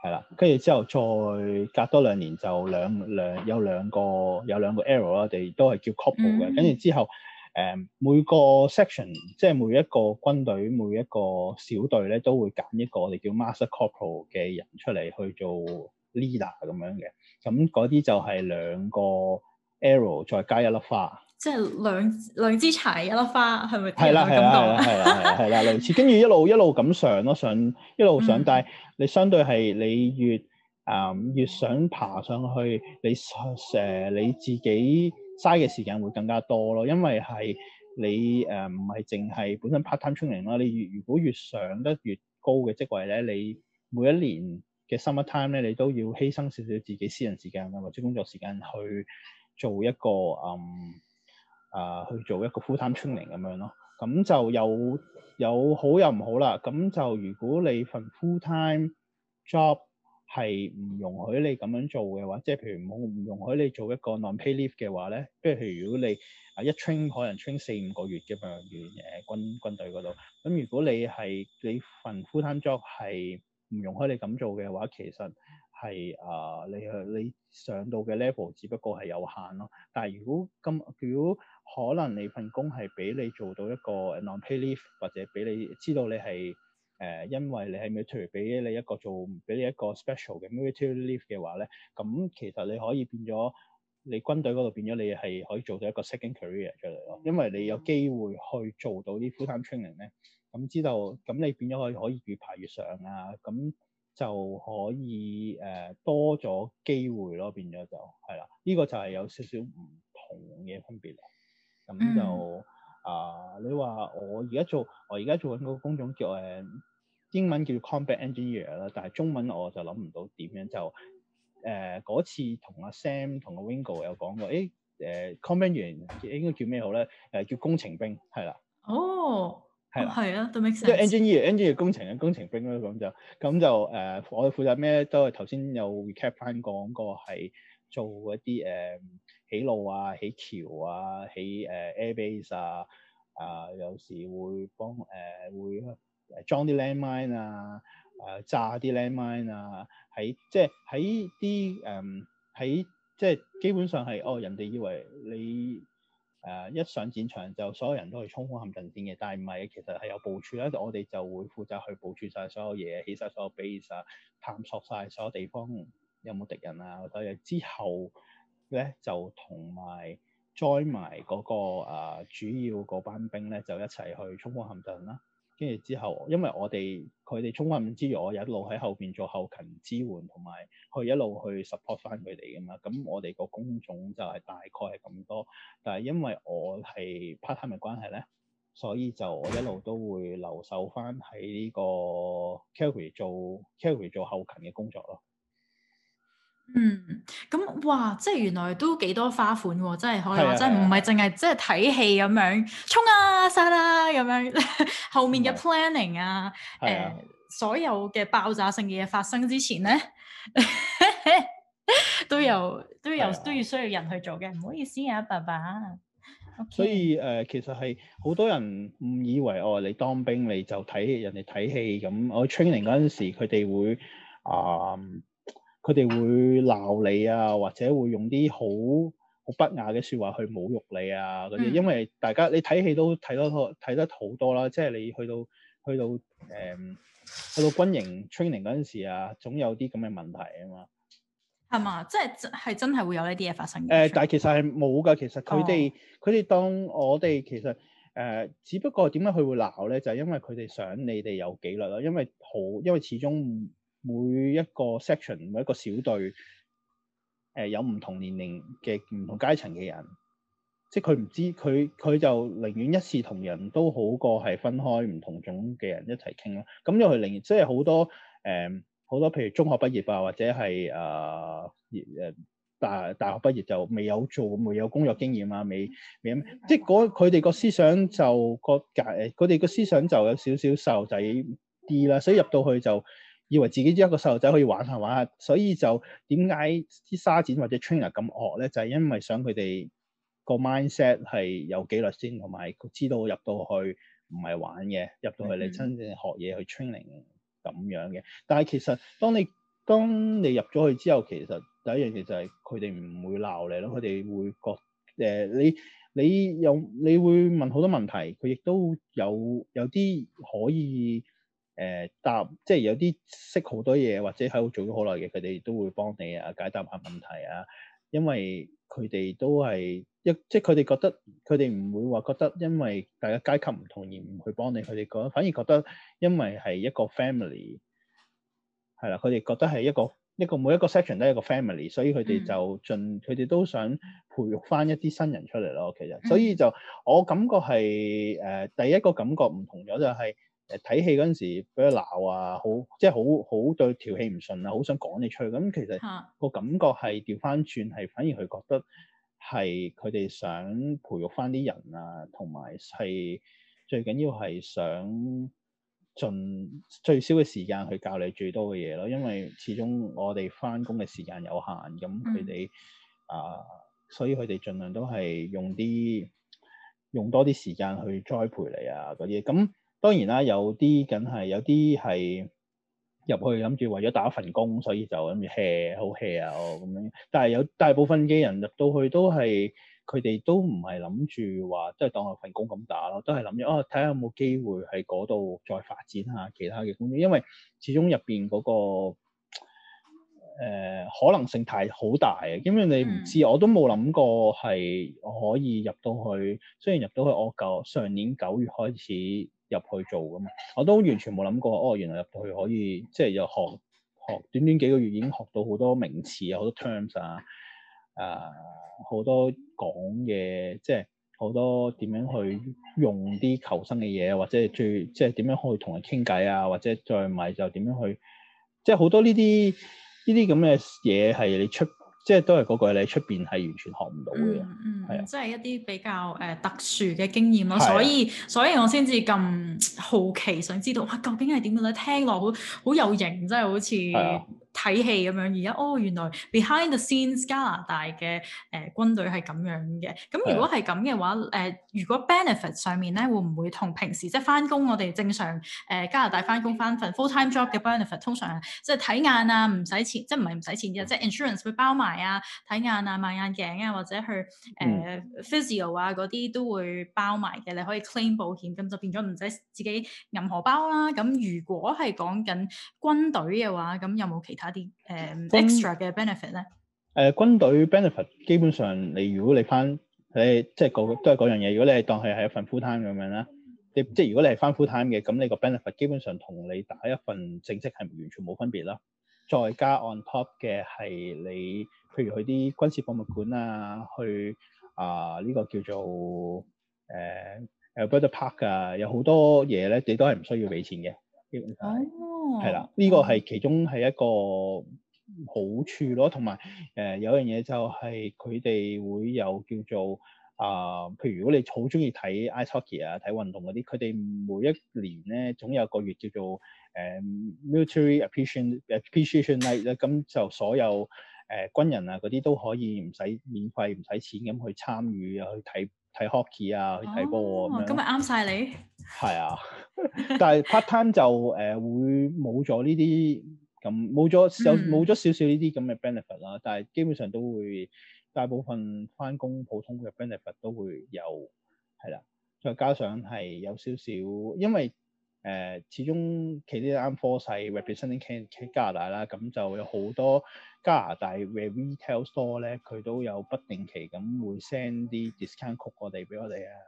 係啦，跟住之後再隔多兩年就兩兩有兩個有兩個 arrow 啦，我哋都係叫 corporal 嘅，跟住之後。誒每個 section，即係每一個軍隊每一個小隊咧，都會揀一個我哋叫 Master Corporal 嘅人出嚟去做 leader 咁樣嘅。咁嗰啲就係兩個 arrow 再加一粒花，即係兩兩支柴一粒花，係咪？係啦係啦係啦係啦係啦，類似。跟住一路一路咁上咯，上一路上，但係你相對係你越誒越想爬上去，你成你自己，嘥嘅時間會更加多咯，因為係你誒唔係淨係本身 part time training 啦，你越如果越上得越高嘅職位咧，你每一年嘅 summer time 咧，你都要犧牲少少自己私人時間啊，或者工作時間去做一個誒啊、嗯呃、去做一個 full time training 咁樣咯，咁就有有好又唔好啦，咁就如果你份 full time job 係唔容許你咁樣做嘅話，即係譬如冇唔容許你做一個 non-paid leave 嘅話咧，即係譬如如果你啊一 train 可能 train 四五個月嘅譬如誒軍軍隊嗰度，咁如果你係你份 full-time job 係唔容許你咁做嘅話，其實係啊、uh, 你係你上到嘅 level 只不過係有限咯。但係如果今如果可能你份工係俾你做到一個 non-paid leave，或者俾你知道你係。誒，因為你係咪譬如 i 俾你一個做，俾你一個 special 嘅 Military Life 嘅話咧，咁其實你可以變咗你軍隊嗰度變咗，你係可以做到一個 second career 出嚟咯。因為你有機會去做到啲 full time training 咧，咁知道咁你變咗可以可以越排越上啊，咁就可以誒、呃、多咗機會咯，變咗就係啦。呢、呢個就係有少少唔同嘅分別嚟，咁就啊、嗯呃，你話我而家做，我而家做緊個工種叫誒。英文叫 combat engineer 啦，但係中文我就諗唔到點樣就誒嗰、呃、次同阿 Sam 同阿 Wingo 有講過，誒、欸、誒、呃、combat 員應該叫咩好咧？誒、呃、叫工程兵係啦。哦，係啦的，啊、哦，都 make sense。即係 engineer，engineer 工程嘅工，工程兵啦。嗯，咁、嗯、就咁就誒，我哋負責咩都係頭先有 recap 翻講過，係、嗰個、做一啲誒、嗯、起路啊、起橋啊、起誒、呃、air base 啊，啊，有時會幫誒會。啊啊啊啊裝啲 landmine 啊，誒炸啲 landmine 啊，喺、啊、即係喺啲誒，喺、嗯、即係基本上係哦。人哋以為你誒、啊、一上戰場就所有人都去衝鋒陷陣戰嘅，但係唔係，其實係有部署啦，我哋就會負責去部署晒所有嘢，起晒所有 base 啊，探索晒所有地方有冇敵人啊嗰啲嘢，之後咧就同埋 join 埋嗰個、啊、主要嗰班兵咧就一齊去衝鋒陷陣啦。跟住之後，因為我哋佢哋衝翻五之餘，我一路喺後邊做後勤支援，同埋去一路去 support 翻佢哋噶嘛。咁我哋個工種就係大概係咁多，但係因為我係 part time 嘅關係咧，所以就我一路都會留守翻喺呢個 Calgary 做 Calgary 做後勤嘅工作咯。嗯，咁哇，即係原來都幾多花款喎、啊，真係可以，的真係唔係淨係即係睇戲咁樣，衝啊，殺啦咁樣，後面嘅 planning 啊，誒，所有嘅爆炸性嘅嘢發生之前咧， [laughs] 都有的都有都要需要人去做嘅，唔好意思啊，爸爸。Okay. 所以誒、呃，其實係好多人誤以為我、哦、你當兵你就睇人哋睇戲咁，我 training 嗰陣時佢哋會啊。呃佢哋會鬧你啊，或者會用啲好好不雅嘅説話去侮辱你啊嗰啲，因為大家你睇戲都睇得睇得好多啦，即係你去到去到誒、呃、去到軍營 training 嗰陣時啊，總有啲咁嘅問題啊嘛，係嘛？即係真係真係會有呢啲嘢發生嘅。呃、但係其實係冇㗎。其實佢哋佢哋當我哋其實誒、呃，只不過點解佢會鬧咧？就係、是、因為佢哋想你哋有紀律啦，因為好因為始終。每一個 section 每一個小隊，誒、呃、有唔同年齡嘅唔同階層嘅人，即係佢唔知佢佢就寧願一視同仁都好過係分開唔同種嘅人一齊傾咯。咁又係寧願即係好多誒好多，呃、多譬如中學畢業啊，或者係誒誒大大學畢業就未有做，未有工作經驗啊，未未即係佢哋個思想就個介佢哋個思想就有，想就有少少細路仔啲啦，所以入到去就。以為自己一個細路仔可以玩下玩下，所以就點解啲沙展或者 trainer 咁惡咧？就係、是、因為想佢哋個 mindset 係有紀律先，同埋佢知道入到去唔係玩嘅，入到去你真正學嘢去 training 咁樣嘅。但係其實當你當你入咗去之後，其實第一樣嘢就係佢哋唔會鬧你咯，佢哋、嗯、會覺誒、呃、你你有你會問好多問題，佢亦都有有啲可以。誒、呃，答即係有啲識好多嘢，或者喺度做咗好耐嘅，佢哋都會幫你啊，解答下問題啊。因為佢哋都係一，即係佢哋覺得，佢哋唔會話覺得，因為大家階級唔同而唔去幫你。佢哋覺得，反而覺得因為係一個 family，係啦，佢哋覺得係一個一個每一個 section 都係一個 family，所以佢哋就盡，佢哋、嗯、都想培育翻一啲新人出嚟咯。其實，所以就我感覺係誒、呃，第一個感覺唔同咗就係、是。睇戲嗰陣時，俾佢鬧啊，好即係好好對條氣唔順啊，好想趕你出去。咁其實個感覺係調翻轉，係反，反而佢覺得係佢哋想培育翻啲人啊，同埋係最緊要係想盡最少嘅時間去教你最多嘅嘢咯。因為始終我哋翻工嘅時間有限，咁佢哋啊，所以佢哋盡量都係用啲用多啲時間去栽培你啊嗰啲咁。當然啦，有啲梗係有啲係入去諗住為咗打一份工，所以就諗住 hea 好 hea 啊，咁樣。但係有大部分嘅人入到去都係佢哋都唔係諗住話即係當我份工咁打咯，都係諗住哦睇下有冇機會喺嗰度再發展下其他嘅工作，因為始終入邊嗰個、呃、可能性太好大啊，因為你唔知，嗯、我都冇諗過係可以入到去。雖然入到去我舊上年九月開始。入去做噶嘛，我都完全冇諗過哦，原來入到去可以，即係又學學短短幾個月已經學到好多名詞，啊，好多 terms 啊，誒，好多講嘢，即係好多點樣去用啲求生嘅嘢，或者係最即係點樣可以同人傾偈啊，或者再唔係就點樣去，即係好多呢啲呢啲咁嘅嘢係你出。即係都係嗰個，你出邊係完全學唔到嘅，係啊，即係一啲比較誒、呃、特殊嘅經驗咯。所以，係啊、所以我先至咁好奇，想知道哇，究竟係點樣咧？聽落好好，好有型，真係好似～睇戲咁樣，而家哦，原來 behind the scenes 加拿大嘅誒、呃、軍隊係咁樣嘅。咁如果係咁嘅話，誒、呃、如果 benefit 上面咧，會唔會同平時即係翻工我哋正常誒、呃、加拿大翻工翻份 full time job 嘅 benefit 通常即係睇眼啊，唔使錢，即係唔係唔使錢嘅，即係 insurance 會包埋啊，睇眼啊，買眼鏡啊，或者去誒、呃嗯、physio 啊嗰啲都會包埋嘅，你可以 claim 保險，咁就變咗唔使自己揞荷包啦。咁如果係講緊軍隊嘅話，咁有冇其他？有啲誒 extra 嘅 benefit 咧？誒、嗯呃、軍隊 benefit 基本上，你如果你翻你即係個都係嗰樣嘢。如果你當佢係一份 full time 咁樣啦，你即係如果你係翻 full time 嘅，咁你個 benefit 基本上同你打一份正職係完全冇分別啦。再加 on top 嘅係你，譬如去啲軍事博物館啊，去啊呢、呃呢個叫做誒、呃、Albert Park 啊，有好多嘢咧，你都係唔需要俾錢嘅。哦，係啦，呢、這個係其中係一個好處咯，同埋誒有樣嘢、呃、就係佢哋會有叫做啊、呃，譬如如果你好中意睇 ice hockey 啊、睇運動嗰啲，佢哋每一年咧總有個月叫做誒、呃、military appreciation appreciation night 咧，咁就所有誒、呃呃、軍人啊嗰啲都可以唔使免費、唔使錢咁去參與去睇。睇 hockey 啊，去睇波咁樣，今日啱晒你。係啊， [laughs] [laughs] 但係 part time 就誒、呃、會冇咗呢啲咁冇咗有冇咗、嗯、少少呢啲咁嘅 benefit 啦，但係基本上都會大部分翻工普通嘅 benefit 都會有係啦，再加上係有少少，因為。誒、呃，始終佢呢一間科細 representing Canada 啦，咁就有好多加拿大 retail store 咧，佢都有不定期咁會 send 啲 discount coupon 我哋俾我哋啊，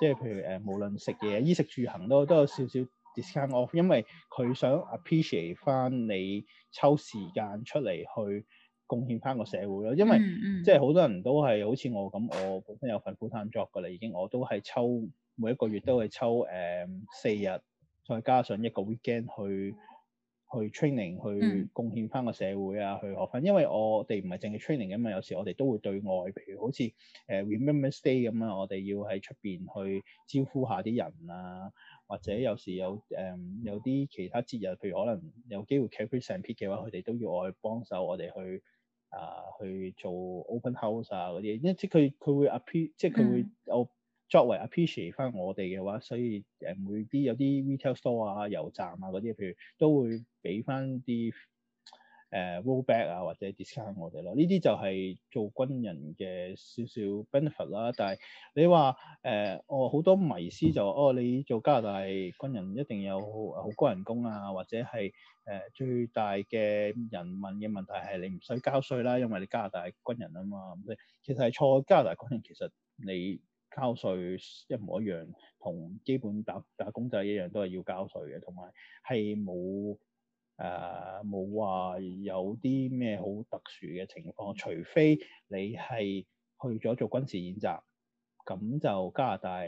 即係譬如誒、啊，無論食嘢、衣食住行都都有少少 discount off，因為佢想 appreciate 返你抽時間出嚟去貢獻返個社會咯，因為、mm hmm. 即係好多人都係好似我咁，我本身有份 full time job 㗎啦，已經我都係抽每一個月都係抽誒四日。呃再加上一個 weekend 去去 training 去貢獻翻個社會啊，嗯、去學翻，因為我哋唔係淨係 training 嘅嘛，有時我哋都會對外，譬如好似誒、呃、Remembrance Day 咁啊，我哋要喺出邊去招呼下啲人啊，或者有時有誒、嗯、有啲其他節日，譬如可能有機會 caprice and pick 嘅話，佢哋都要我去幫手，我哋去啊、呃、去做 open house 啊嗰啲，因為即係佢佢會 appear，即係佢會有。嗯作為 appreciate 翻我哋嘅話，所以誒每啲有啲 retail store 啊、油站啊嗰啲，譬如都會俾翻啲誒、呃、roll back 啊或者 discount 我哋咯。呢啲就係做軍人嘅少少 benefit 啦。但係你話誒，我、呃、好、哦、多迷思就哦，你做加拿大軍人一定有好高人工啊，或者係誒、呃、最大嘅人民嘅問題係你唔使交稅啦，因為你加拿大軍人啊嘛。其實係錯，加拿大軍人其實你。交稅一模一樣，同基本打打工仔一樣，都係要交稅嘅，同埋係冇誒冇話有啲咩好特殊嘅情況，除非你係去咗做軍事演習，咁就加拿大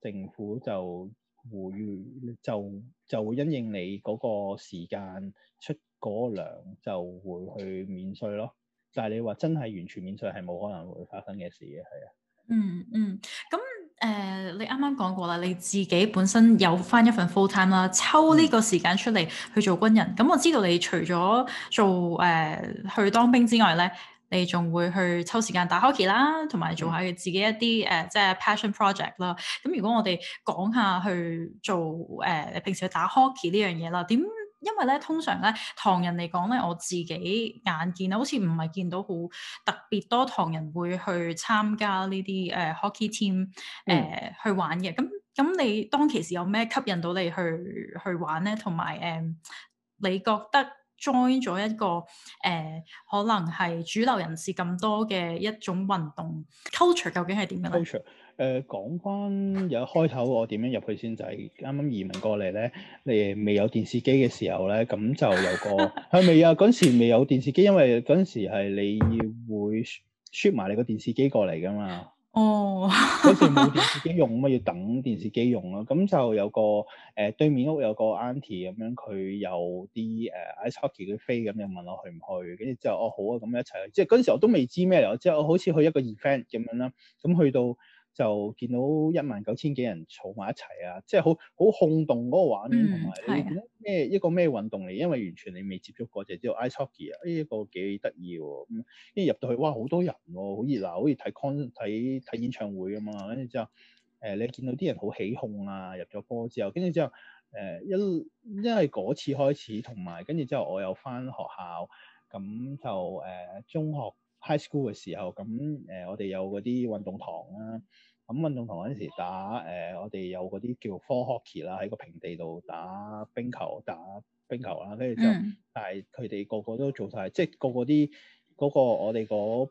政府就會就就會因應你嗰個時間出嗰糧就會去免稅咯。但係你話真係完全免稅係冇可能會發生嘅事嘅，係啊。嗯嗯，咁、嗯、誒、呃，你啱啱講過啦，你自己本身有返一份 full time 啦，抽呢個時間出嚟去做軍人。咁我知道你除咗做誒、呃、去當兵之外咧，你仲會去抽時間打 hockey 啦，同埋做下自己一啲誒、呃、即係 passion project 啦。咁如果我哋講下去做誒，你、呃、平時去打 hockey 呢樣嘢啦，點？因為咧，通常咧，唐人嚟講咧，我自己眼見啊，好似唔係見到好特別多唐人會去參加呢啲誒 hockey team 誒、呃嗯、去玩嘅。咁咁，你當其時有咩吸引到你去去玩咧？同埋誒，你覺得 join 咗一個誒、呃，可能係主流人士咁多嘅一種運動、嗯、culture 究竟係點嘅咧？誒講翻有開頭，我點樣入去先就係，啱啱移民過嚟咧，你未有電視機嘅時候咧，咁就有個係未 [laughs] 啊！嗰陣時未有電視機，因為嗰陣時係你要會 ship 埋你個電視機過嚟噶嘛。哦，嗰時冇電視機用嘛，要等電視機用咯、啊。咁就有個誒、呃、對面屋有個 auntie 咁樣，佢有啲誒、呃、ice hockey 嗰啲飛咁，就問我去唔去？跟住之後，哦好啊，咁一齊去。即係嗰陣時我都未知咩嚟，我知我好似去一個 event 咁樣啦。咁去到。就見到一萬九千幾人坐埋一齊啊！即係好好轟動嗰個畫面，同埋、嗯、你見到咩的一個咩運動嚟？因為完全你未接觸過，就是、知道 ice hockey 啊，呢一個幾得意喎。咁跟住入到去，哇，好多人喎，好熱鬧，好似睇 con 睇睇演唱會啊嘛。跟住之後，誒、呃，你見到啲人好起哄啊，入咗波之後，跟住之後，誒、呃，一因為嗰次開始，同埋跟住之後，我又返學校，咁就誒、呃、中學。High school 嘅時候，咁誒、呃、我哋有嗰啲運動堂啦、啊，咁、嗯、運動堂嗰陣時打誒、呃，我哋有嗰啲叫 four hockey 啦，喺個平地度打冰球，打冰球啦、啊，跟住就，嗯、但係佢哋個個都做晒，即係個個啲嗰個我哋嗰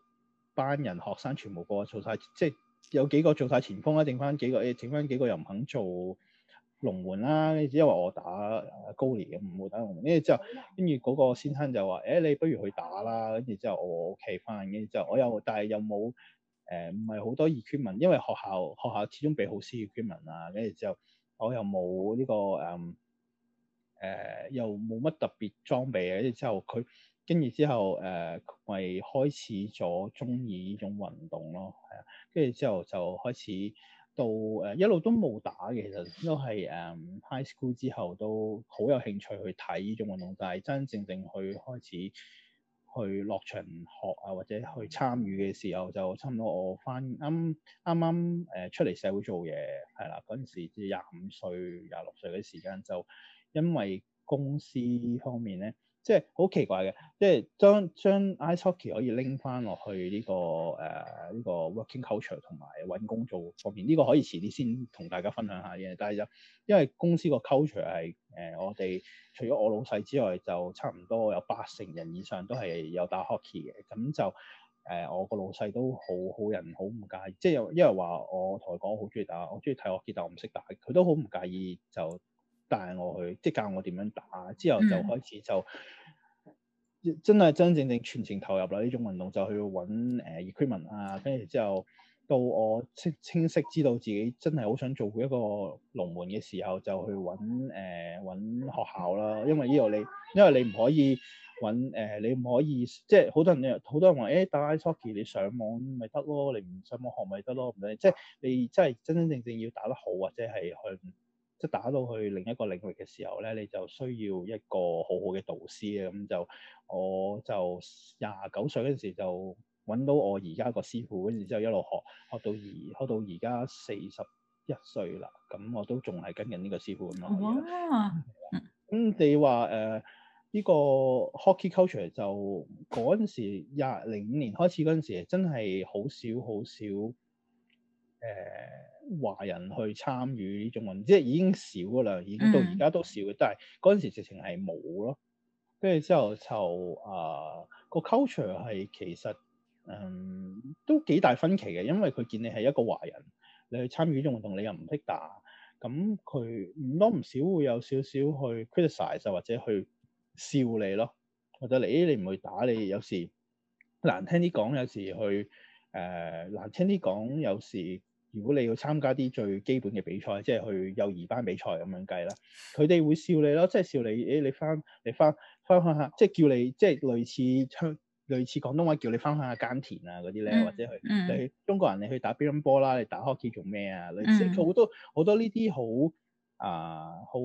班人學生全部個個做晒，即係有幾個做晒前鋒啦，剩翻幾個誒，剩翻幾個又唔肯做。龍門啦、啊，只因為我打高年唔會打龍門，跟住之後，跟住嗰個先生就話：誒、欸、你不如去打啦。跟住之後我，我企翻，跟住就我又但係又冇誒，唔係好多 equipment，因為學校學校始終俾好少 equipment 啊。跟住之後，我又冇呢、這個誒誒、呃呃，又冇乜特別裝備。跟住之後，佢跟住之後誒，咪、呃、開始咗中意呢種運動咯，係啊。跟住之後就開始。到誒、呃、一路都冇打嘅，其實都係誒 high school 之後都好有興趣去睇呢種運動，但係真真正正去開始去落場學啊或者去參與嘅時候，就差唔多我翻啱啱啱誒出嚟社會做嘢係啦，嗰陣時即廿五歲、廿六歲嗰啲時間就因為公司方面咧。即係好奇怪嘅，即係將將 ice hockey 可以拎翻落去呢、呢個誒呢、呃呢個 working culture 同埋揾工做方面，呢、呢個可以遲啲先同大家分享下嘅。但係就因為公司個 culture 係誒、呃，我哋除咗我老細之外，就差唔多有八成人以上都係有打 hockey 嘅。咁就誒、呃，我個老細都好好人，好唔介意。即係因為話我同佢講我好中意打，我中意睇 hockey，但我唔識打，佢都好唔介意就。帶我去，即係教我點樣打，之後就開始就真係真真正正全程投入啦！呢種運動就去揾誒 equipment 啊，跟住之後到我清清晰知道自己真係好想做一個龍門嘅時候，就去揾誒揾學校啦。因為呢度你，因為你唔可以揾誒，uh, 你唔可以即係好多人，好多人話誒、欸、打 hockey 你上網咪得咯，你唔上網學咪得咯，唔得。即係你真係真真正正要打得好，或者係去。即係打到去另一個領域嘅時候咧，你就需要一個好好嘅導師啊！咁就我就廿九歲嗰陣時就揾到我而家個師傅，跟住之後一路學，學到而學到而家四十一歲啦。咁我都仲係跟緊呢個師傅咁樣，咁哇你話誒呢個 hockey culture 就嗰陣時廿零五年開始嗰陣時，真係好少好少誒。呃華人去參與呢種運動，即係已經少啦，已經到而家都少嘅。但係嗰陣時直情係冇咯。跟住之後就啊，呃那個 culture 係其實嗯都幾大分歧嘅，因為佢見你係一個華人，你去參與呢種運動，你又唔識打，咁佢唔多唔少會有少少去 criticise 或者去笑你咯，或者你你唔去打，你有時難聽啲講，有時去誒、呃、難聽啲講，有時。如果你要參加啲最基本嘅比賽，即係去幼兒班比賽咁樣計啦，佢哋會笑你咯，即係笑你，誒你翻你翻翻下下，即係叫你即係類似香類似，類似廣東話叫你翻鄉下耕田啊嗰啲咧，嗯、或者去嗯你中國人你去打乒乓波啦，你打 hockey 做咩、嗯呃、啊？你即係好多好多呢啲好啊好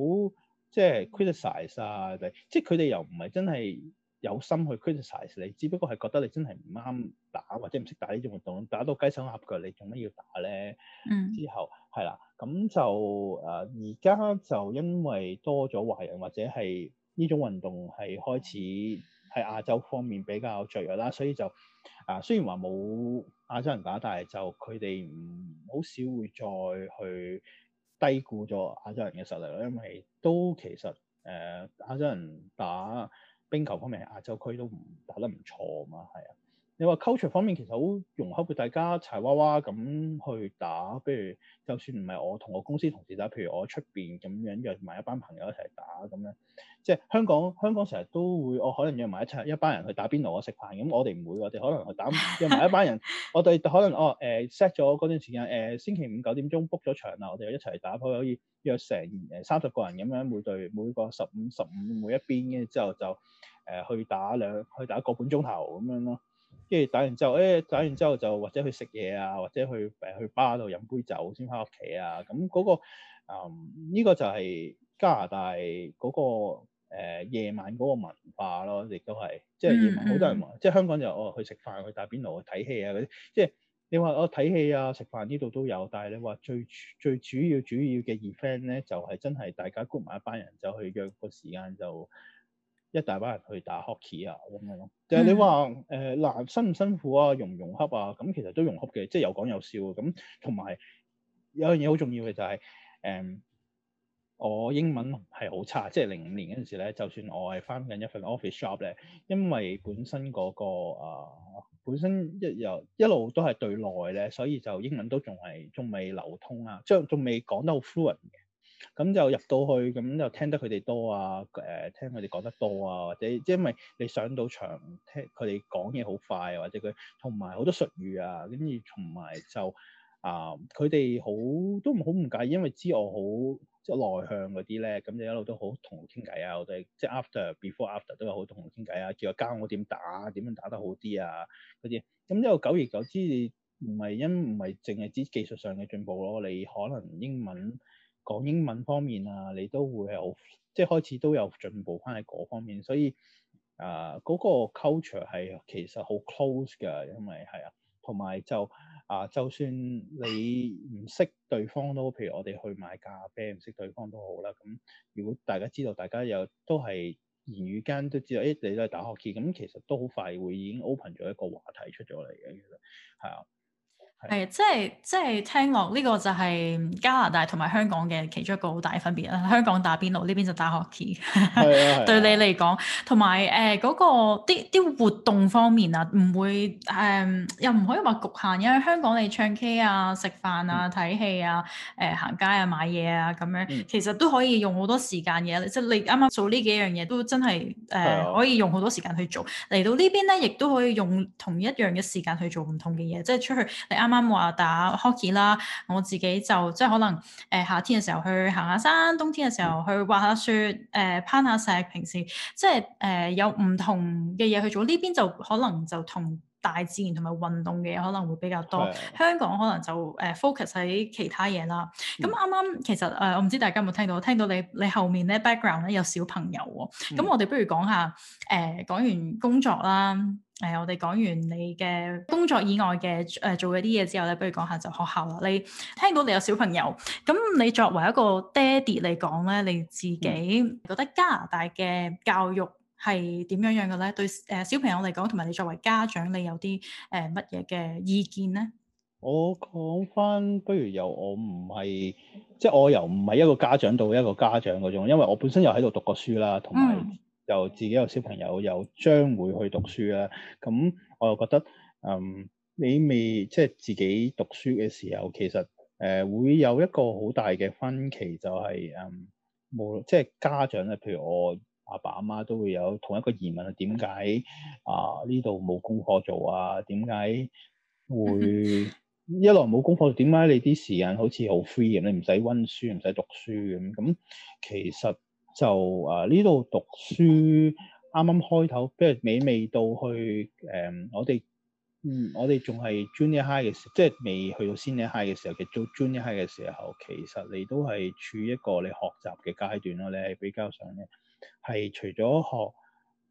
即係 criticize 啊，即係佢哋又唔係真係。有心去 criticise 你，只不過係覺得你真係唔啱打，或者唔識打呢種運動。打到都雞手鴨腳，你做乜要打咧？嗯、之後係啦，咁就誒而家就因為多咗華人，或者係呢種運動係開始喺亞洲方面比較著弱啦，所以就啊、呃、雖然話冇亞洲人打，但係就佢哋唔好少會再去低估咗亞洲人嘅實力咯，因為都其實誒、呃、亞洲人打。冰球方面喺亞洲區都打得唔錯啊嘛，係啊。你話 culture 方面其實好融合，俾大家柴娃娃咁去打。譬如就算唔係我同我公司同事打，譬如我出邊咁樣約埋一班朋友一齊打咁樣，即係香港香港成日都會我、哦、可能約埋一齊一班人去打邊爐，呀，食飯。咁我哋唔會，我哋可能去打約埋一班人， [laughs] 我哋可能哦誒 set 咗嗰段時間誒、呃、星期五九點鐘 book 咗場啦，我哋一齊打可以約成誒、呃、三十個人咁樣，每隊每個十五十五每一邊，嘅之後就誒、呃、去打兩去打一個半鐘頭咁樣咯。跟住打完之後，誒打完之後就或者去食嘢啊，或者去誒、呃、去 bar 度飲杯酒先翻屋企啊。咁、嗯、嗰、那個，呢、嗯這個就係加拿大嗰、那個、呃、夜晚嗰個文化咯，亦都係，即係夜晚好多人玩。嗯嗯、即係香港就是、哦去食飯、去打邊爐、去睇戲啊嗰啲。即係你話我睇戲啊、食飯呢度都有，但係你話最最主要主要嘅 event 咧，就係、是、真係大家 group 埋一班人就去約個時間就。一大班人去打 hockey 啊咁樣咯，但係你話誒嗱辛唔辛苦啊，融唔融洽啊，咁其實都融洽嘅，即係有講有笑咁。同埋有樣嘢好重要嘅就係、是、誒、嗯，我英文係好差，即係零五年嗰陣時咧，就算我係翻緊一份 office job 咧，因為本身嗰、那個啊、呃、本身一由一路都係對內咧，所以就英文都仲係仲未流通啊，即係仲未講得好 fluent 咁就入到去，咁就聽得佢哋多啊，誒、呃、聽佢哋講得多啊，或者即係因為你上到場聽佢哋講嘢好快，或者佢同埋好多術語啊，跟住同埋就啊，佢、呃、哋好都好唔介意，因為知我好即係內向嗰啲咧，咁就一路都好同我傾偈啊，我哋即係 after before after 都有好同我傾偈啊，叫我教我點打點樣打得好啲啊嗰啲，咁之後久而久之你唔係因唔係淨係指技術上嘅進步咯，你可能英文。講英文方面啊，你都會有即係開始都有進步翻喺嗰方面，所以啊嗰、呃那個 culture 係其實好 close 㗎，因為係啊，同埋就啊、呃，就算你唔識對方都好，譬如我哋去買咖啡唔識對方都好啦。咁如果大家知道大家又都係言語間都知道，誒、哎、你都係打 hockey，咁其實都好快會已經 open 咗一個話題出咗嚟嘅，其實係啊。係，即係即係聽落呢、這個就係加拿大同埋香港嘅其中一個好大分別啦。香港打邊爐，呢邊就打 hockey。是是是 [laughs] 對你嚟講，同埋誒嗰個啲啲活動方面啊，唔會誒、呃、又唔可以話局限，因為香港你唱 K 啊、食飯啊、睇戲啊、誒、呃、行街啊、買嘢啊咁樣，其實都可以用好多時間嘅。嗯、即係你啱啱做呢幾樣嘢都真係誒、呃、的可以用好多時間去做。嚟到呢邊呢，亦都可以用同一樣嘅時間去做唔同嘅嘢，即係出去你啱啱話打 hockey 啦，我自己就即係可能誒、呃、夏天嘅時候去行下山，冬天嘅時候去滑下雪，誒、呃、攀下石，平時即係誒、呃、有唔同嘅嘢去做。呢邊，就可能就同大自然同埋運動嘅嘢可能會比較多。的香港可能就誒、呃、focus 喺其他嘢啦。咁啱啱其實誒、呃、我唔知大家有冇聽到，聽到你你後面咧 background 咧有小朋友咁，哦嗯、我哋不如講下誒講、呃、完工作啦。誒、哎，我哋講完你嘅工作以外嘅誒做嘅啲嘢之後咧，不如講下就學校啦。你聽到你有小朋友，咁你作為一個爹哋嚟講咧，你自己覺得加拿大嘅教育係點樣樣嘅咧？對誒小朋友嚟講，同埋你作為家長，你有啲誒乜嘢嘅意見咧？我講翻，不如由我唔係，即係我由唔係一個家長到一個家長嗰種，因為我本身又喺度讀過書啦，同埋、嗯。又自己有小朋友又將會去讀書啦，啊，咁我又覺得，嗯，你未即係自己讀書嘅時候，其實誒、呃、會有一個好大嘅分歧，就是，就係嗯，無即係家長咧，譬如我阿爸阿媽都會有同一個疑問啊，點解啊呢度冇功課做啊？點解會一來冇功課，點解你啲時間好似好 free 咁？你唔使温書，唔使讀書咁？咁其實。就啊呢度讀書啱啱開頭，即係未到去誒，我哋嗯，我哋仲係 Junior High 嘅時候，即係未去到 Senior High 嘅時候，其實到 Junior High 嘅時候，其實你都係處一個你學習嘅階段咯，你係比較上咧，係除咗學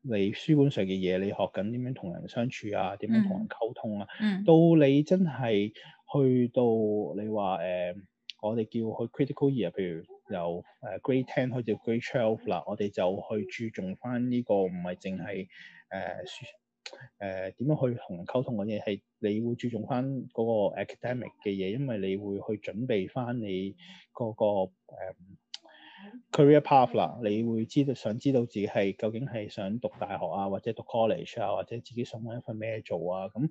你書本上嘅嘢，你學緊點樣同人相處啊，點樣同人溝通啊，mm hmm。到你真係去到你話誒、嗯，我哋叫去 Critical Year，譬如。由誒 grade Ten 開始 grade Twelve 啦，我哋就去注重翻、這、呢個唔係淨係誒誒點樣去同人溝通嘅嘢，係你會注重翻嗰個 academic 嘅嘢，因為你會去準備翻你嗰、那個誒、呃、career path 啦。你會知道想知道自己係究竟係想讀大學啊，或者讀 college 啊，或者自己想揾一份咩做啊。咁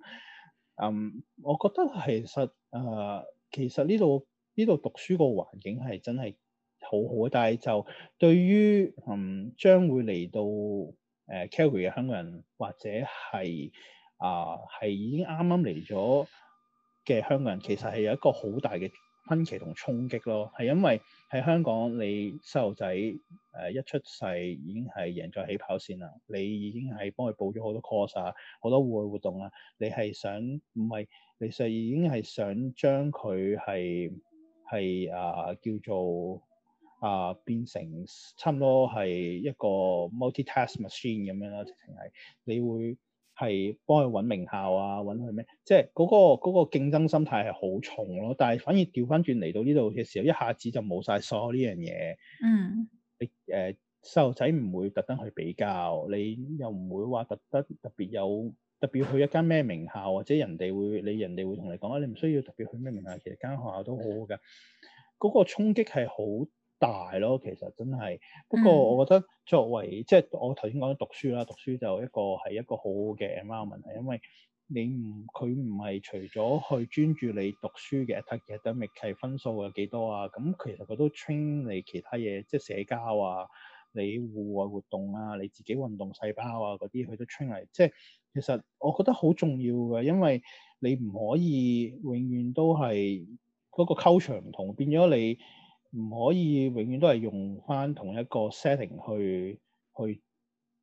嗯，我覺得其實誒、呃、其實呢度呢度讀書個環境係真係。好好，但係就對於嗯將會嚟到誒、呃、Calgary 嘅香港人，或者係啊係已經啱啱嚟咗嘅香港人，其實係有一個好大嘅分歧同衝擊咯。係因為喺香港，你細路仔誒一出世已經係贏在起跑線啦，你已經係幫佢報咗好多 course 啊，好多戶外活動啊，你係想唔係你細已經係想將佢係係啊叫做？啊、呃，變成差唔多係一個 multi-task machine 咁樣啦，直情係你會係幫佢揾名校啊，揾佢咩？即係嗰個嗰個競爭心態係好重咯。但係反而調翻轉嚟到呢度嘅時候，一下子就冇晒所有呢樣嘢。嗯，你誒細路仔唔會特登去比較，你又唔會話特登特別有特別去一間咩名校，或者人哋會你人哋會同你講啊，你唔需要特別去咩名校，其實間學校都好好㗎。嗰、嗯、個衝擊係好。大咯，其實真係。不過我覺得作為、嗯、即係我頭先講咗讀書啦，讀書就一個係一個好嘅 environment，因為你唔佢唔係除咗去專注你讀書嘅 target 等力係分數有幾多啊。咁其實佢都 train 你其他嘢，即係社交啊，你戶外活動啊，你自己運動細胞啊嗰啲，佢都 train 嚟。即係其實我覺得好重要嘅，因為你唔可以永遠都係嗰個 culture 唔同，變咗你。唔可以永遠都係用翻同一個 setting 去去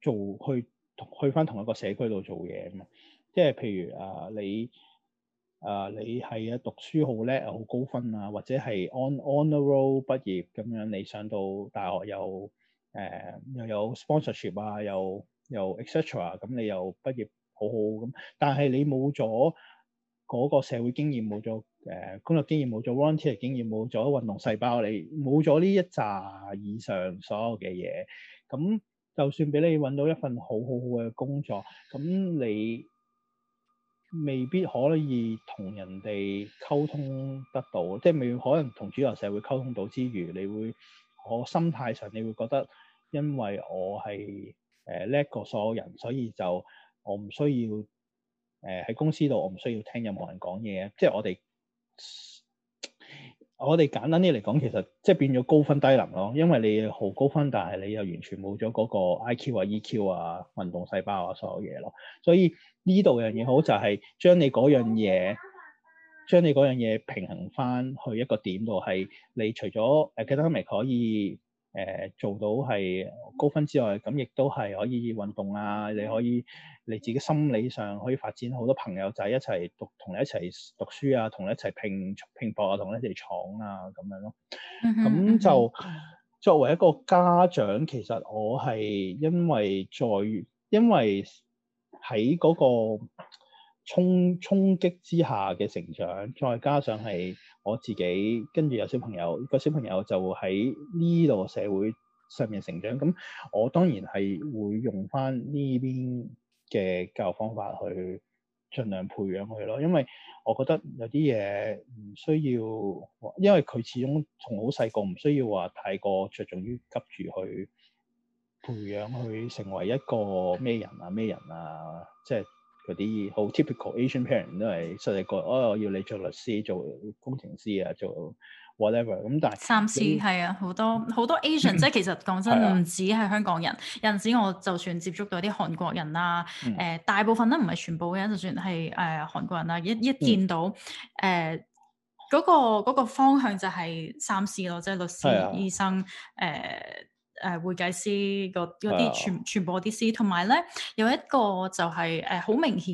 做去同去翻同一個社區度做嘢啊嘛！即係譬如啊，你啊，你係啊，讀書好叻啊，好高分啊，或者係 on honour roll 畢業咁樣，你上到大學又誒、呃、又有 sponsorship 啊，又又 etc 咁，你又畢業好好咁，但係你冇咗個社會經驗冇咗。誒、呃，工作經驗冇咗 volunteer 經驗冇咗，運動細胞你冇咗呢一紮以上所有嘅嘢，咁就算俾你搵到一份好好好嘅工作，咁你未必可以同人哋溝通得到，即係未可能同主流社會溝通到之餘，你會我心態上你會覺得，因為我係誒叻過所有人，所以就我唔需要誒喺、呃、公司度我唔需要聽任何人講嘢，即係我哋。我哋簡單啲嚟講，其實即係變咗高分低能咯，因為你好高分，但係你又完全冇咗嗰個 IQ 啊 EQ 啊運動細胞啊所有嘢咯。所以呢度、就是、樣嘢好就係將你嗰樣嘢，將你嗰樣嘢平衡翻去一個點度，係你除咗 academic 可以。誒，做到係高分之外，咁亦都係可以運動啊！你可以你自己心理上可以發展好多朋友仔一齊讀，同你一齊讀書啊，同你一齊拼拼搏啊，同你一齊闖啊，咁樣咯。咁就作為一個家長，其實我係因為在因為喺嗰個。衝衝擊之下嘅成長，再加上係我自己跟住有小朋友，個小朋友就喺呢度社會上面成長。咁我當然係會用翻呢邊嘅教育方法去盡量培養佢咯。因為我覺得有啲嘢唔需要，因為佢始終仲好細個，唔需要話太過着重於急住去培養佢成為一個咩人啊，咩人啊，即係。.嗰啲好 typical Asian parent 都係細細個，哦、哎、我要你做律師、做工程師啊、做 whatever 咁，但係三 C 係啊，好多好多 Asian [laughs] 即係其實講真唔止係香港人，有陣時我就算接觸到啲韓國人啊，誒、嗯呃、大部分都唔係全部嘅人，就算係誒、呃、韓國人啊，一一見到誒嗰、嗯呃嗰個嗰個方向就係三 C 咯，即係律師、醫生誒。誒、呃、會計師嗰啲傳傳播啲師，同埋咧有一個就係誒好明顯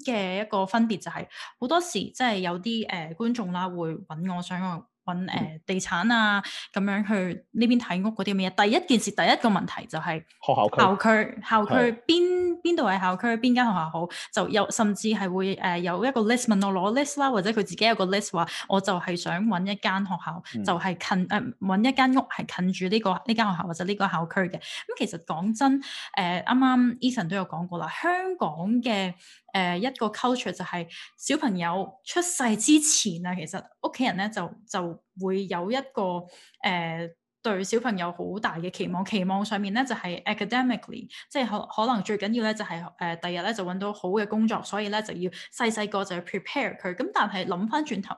嘅一個分別，就係，就係好多時即係有啲誒、呃、觀眾啦、啊、會揾我想用。揾地產啊，咁樣去呢邊睇屋嗰啲咩嘢？第一件事，第一個問題就係學校區，校區，校區邊邊度係校區？邊間學校好？就有甚至係會誒有一個 list 問我攞 list 啦，或者佢自己有個 list 話，我就係想揾一間學校，嗯、就係近誒揾、呃、一間屋係近住呢、呢個呢間、呢個、學校或者呢個校區嘅。咁其實講真，誒、呃、啱啱 Ethan 都有講過啦，香港嘅。誒一個 culture 就係小朋友出世之前啊，其實屋企人咧就就會有一個誒、呃、對小朋友好大嘅期望，期望上面咧就係、是、academically，即係可可能最緊要咧就係誒第日咧就揾到好嘅工作，所以咧就要細細個就要 prepare 佢。咁但係諗返轉頭，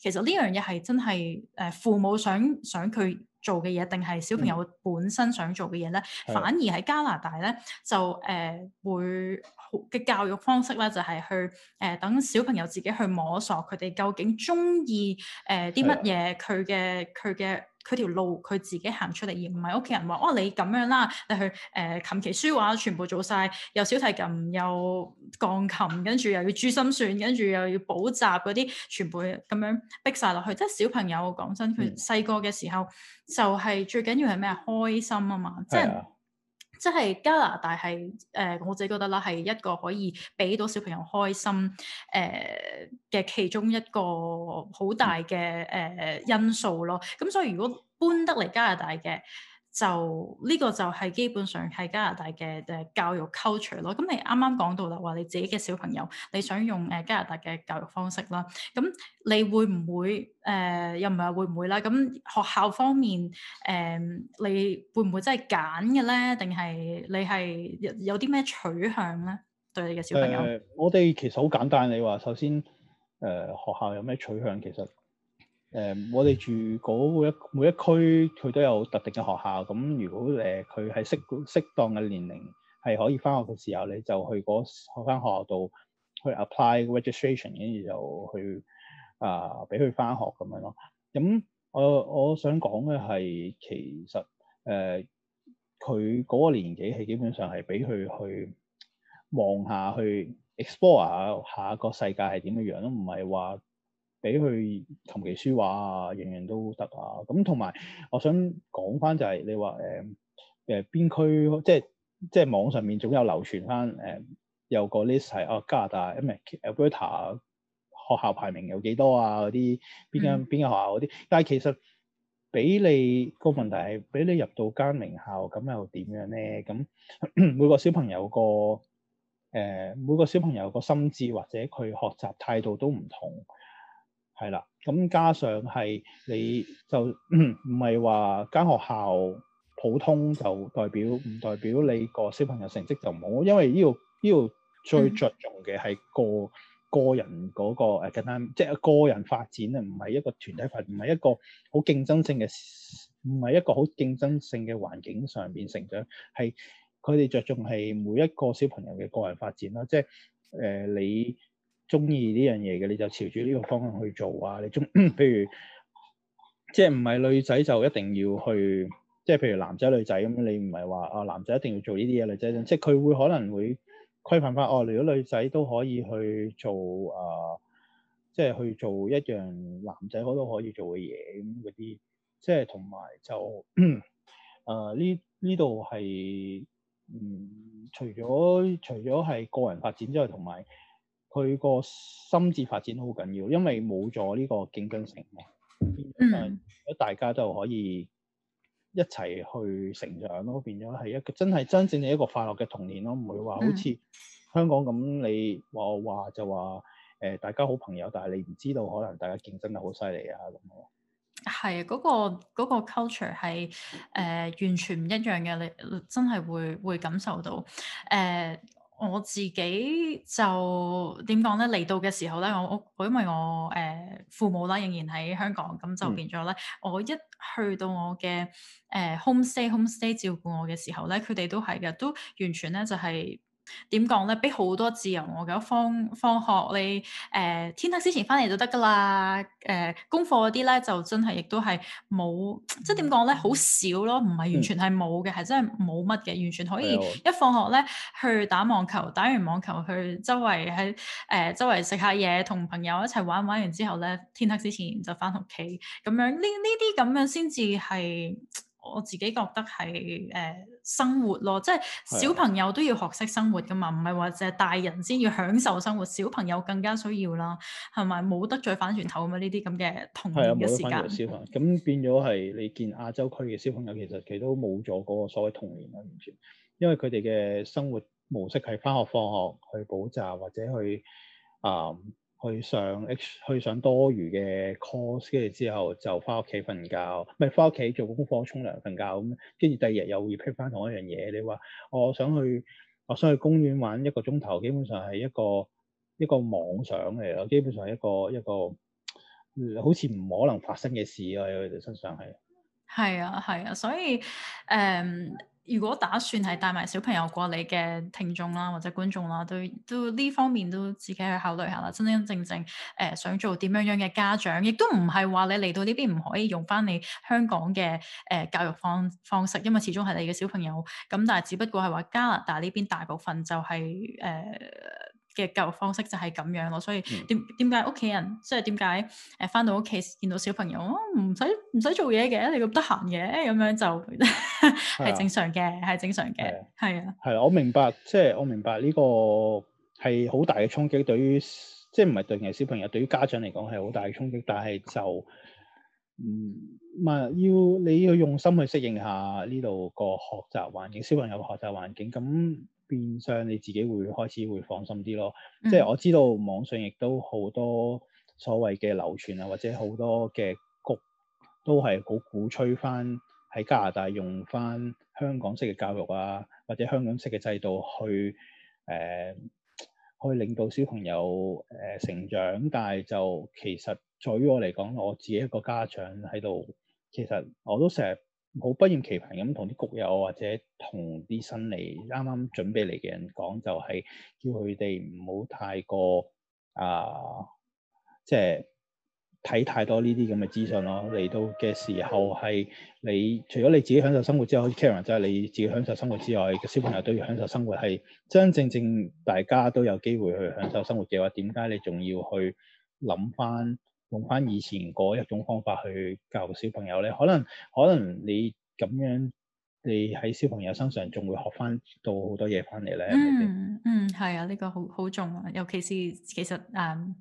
其實呢樣嘢係真係誒、呃、父母想想佢做嘅嘢定係小朋友本身想做嘅嘢呢？嗯、反而喺加拿大呢，就誒、呃、會嘅教育方式呢，就係、是、去誒、呃、等小朋友自己去摸索佢哋究竟中意誒啲乜嘢佢嘅佢嘅。呃的佢條路佢自己行出嚟，而唔係屋企人話：哦，你咁樣啦，你去誒琴棋書畫全部做晒，又小提琴又鋼琴，跟住又要珠心算，跟住又要補習嗰啲，全部咁樣逼晒落去。即係小朋友講真，佢細個嘅時候就係、是嗯、最緊要係咩？開心啊嘛，即係的。就是即係加拿大係誒、呃，我自己覺得啦，係一個可以俾到小朋友開心誒嘅、呃、其中一個好大嘅誒、呃、因素咯。咁所以如果搬得嚟加拿大嘅，就呢、這個就係基本上係加拿大嘅誒教育 culture 咯。咁你啱啱講到啦，話你自己嘅小朋友，你想用誒加拿大嘅教育方式啦。咁你會唔會誒、呃、又唔係話會唔會啦？咁學校方面誒、呃，你會唔會真係揀嘅咧？定係你係有有啲咩取向咧？對你嘅小朋友，呃、我哋其實好簡單。你話首先誒、呃、學校有咩取向，其實。誒，um, 我哋住嗰一每一區，佢都有特定嘅學校。咁如果誒佢係適適當嘅年齡，係可以返學嘅時候，你就去嗰翻學，學校度去 apply registration，跟住就去啊，俾佢返學咁樣咯。咁我我想講嘅係，其實誒佢嗰個年紀係基本上係俾佢去望下去 explore 下下個世界係點樣樣咯，唔係話。俾佢琴棋書畫啊，樣樣都得啊！咁同埋，我想講翻就係你話誒誒邊區，即係即係網上面總有流傳翻誒有個 list 係、啊、加拿大唔係 Alberta 學校排名有幾多啊？嗰啲邊間邊間學校嗰啲，嗯、但係其實俾你個問題係俾你入到間名校咁又點樣咧？咁 [coughs] 每個小朋友個誒、呃、每個小朋友個心智或者佢學習態度都唔同。係啦，咁加上係你就唔係話間學校普通就代表唔代表你個小朋友成績就唔好，因為呢度呢度最着重嘅係個個人嗰、個誒、呃，簡單即係個人發展啊，唔係一個團體發展，唔係一個好競爭性嘅，唔係一個好競爭性嘅環境上邊成長，係佢哋着重係每一個小朋友嘅個人發展啦，即係誒、呃、你。中意呢樣嘢嘅，你就朝住呢個方向去做啊！你中，譬如即係唔係女仔就一定要去，即係譬如男仔女仔咁，你唔係話啊男仔一定要做呢啲嘢，女仔即係佢會可能會規範返哦。如果女仔都可以去做啊、呃，即係去做一樣男仔好多可以做嘅嘢咁嗰啲，即係同埋就啊呢呢度係嗯除咗除咗係個人發展之外，同埋。佢個心智發展好緊要，因為冇咗呢個競爭性啊，變、嗯、大家就可以一齊去成長咯，變咗係一個真係真正係一個快樂嘅童年咯，唔會話好似香港咁、嗯、你我話就話誒、呃、大家好朋友，但係你唔知道可能大家競爭得好犀利啊咁咯。係啊，嗰、嗰個 culture 係誒完全唔一樣嘅，你真係會會感受到誒。呃我自己就點講咧？嚟到嘅時候咧，我我，我因為我誒、呃、父母啦，仍然喺香港，咁就變咗咧。嗯、我一去到我嘅誒、呃、home stay home stay 照顧我嘅時候咧，佢哋都係嘅，都完全咧就係、係。點講咧，俾好多自由我嘅，放放學你誒、呃，天黑之前翻嚟就得噶啦。誒、呃，功課嗰啲咧，就真係亦都係冇，即係點講咧，好少咯，唔係完全係冇嘅，係、嗯、真係冇乜嘅，完全可以一放學咧去打網球，打完網球去周圍喺誒周圍食下嘢，同朋友一齊玩，玩完之後咧，天黑之前就翻屋企，咁樣呢呢啲咁樣先至係。我自己覺得係誒、呃、生活咯，即係小朋友都要學識生活㗎嘛，唔係話就係大人先要享受生活，小朋友更加需要啦，係咪？冇得再反轉頭啊嘛，呢啲咁嘅童年嘅時間。小朋友，咁變咗係你見亞洲區嘅小朋友，其實佢都冇咗嗰個所謂童年啦，完全，因為佢哋嘅生活模式係返學放學去補習或者去啊。嗯去上去上多餘嘅 course，跟住之後就翻屋企瞓覺，唔係翻屋企做功課、沖涼、瞓覺咁。跟住第二日又 repeat 翻同一樣嘢。你話我想去，我想去公園玩一個鐘頭，基本上係一個一個妄想嚟嘅，基本上係一個一個、嗯、好似唔可能發生嘅事啊！喺佢哋身上係。係啊，係啊，所以誒。嗯如果打算係帶埋小朋友過嚟嘅聽眾啦，或者觀眾啦，都都呢方面都自己去考慮下啦。真真正正誒、呃、想做點樣樣嘅家長，亦都唔係話你嚟到呢邊唔可以用返你香港嘅誒、呃、教育方方式，因為始終係你嘅小朋友。咁但係只不過係話加拿大呢邊大部分就係、是、誒。呃嘅教育方式就係咁樣咯，所以點點解屋企人，即係點解誒，返到屋企見到小朋友唔使唔使做嘢嘅？你咁得閒嘅？咁樣就係正常嘅，係正常嘅，係啊。係啊，我明白，即係我明白呢個係好大嘅衝擊對於，即係唔係對嘅小朋友，對於家長嚟講係好大嘅衝擊，但係就唔係要你要用心去適應下呢度個學習環境，小朋友嘅學習環境咁。變相你自己會開始會放心啲咯，即係我知道網上亦都好多所謂嘅流傳啊，或者好多嘅局都係好鼓吹翻喺加拿大用翻香港式嘅教育啊，或者香港式嘅制度去誒、呃、去令到小朋友誒、呃、成長，但係就其實在於我嚟講，我自己一個家長喺度，其實我都成日好不厭其煩咁同啲局友或者同啲新嚟啱啱準備嚟嘅人講，就係、是、叫佢哋唔好太過啊、呃，即係睇太多呢啲咁嘅資訊咯。嚟到嘅時候係，你除咗你自己享受生活之外，care 完即係你自己享受生活之外，嘅小朋友都要享受生活。係真真正正大家都有機會去享受生活嘅話，點解你仲要去諗返？用翻以前嗰一種方法去教小朋友咧，可能可能你咁樣。你喺小朋友身上仲會學翻到好多嘢翻嚟咧。嗯，嗯，係啊，呢、這個好好重啊。尤其是其實誒、嗯，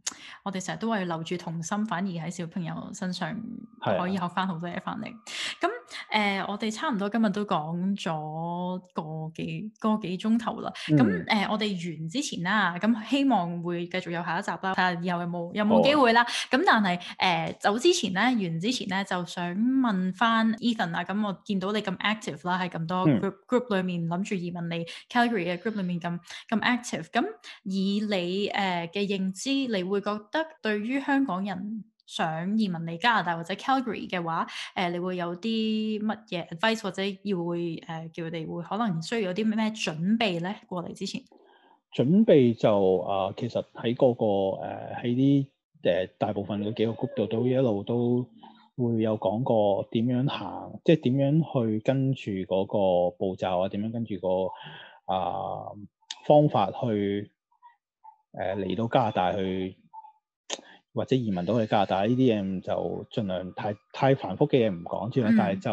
我哋成日都係留住童心，反而喺小朋友身上可以學翻好多嘢翻嚟。咁誒、啊呃，我哋差唔多今日都講咗個幾個幾鐘頭啦。咁誒、嗯呃，我哋完之前啦，咁希望會繼續有下一集啦。睇下以後有冇有冇機會啦。咁、哦、但係誒、呃，走之前咧，完之前咧，就想問翻 Ethan 啊，咁我見到你咁 active 啦。喺咁多 group group 裏面，諗住移民嚟 Calgary 嘅 group 裏面咁咁 active，咁以你誒嘅認知，你會覺得對於香港人想移民嚟加拿大或者 Calgary 嘅話，誒你會有啲乜嘢 advice 或者要會誒叫佢哋會可能需要有啲咩準備咧過嚟之前？準備就啊、呃，其實喺嗰個喺啲誒大部分嘅幾個 group 度都一路都。會有講過點樣行，即係點樣去跟住嗰個步驟啊？點樣跟住、個啊、呃、方法去誒嚟、呃、到加拿大去，或者移民到去加拿大呢啲嘢就盡量太太繁複嘅嘢唔講之啦。嗯、但係就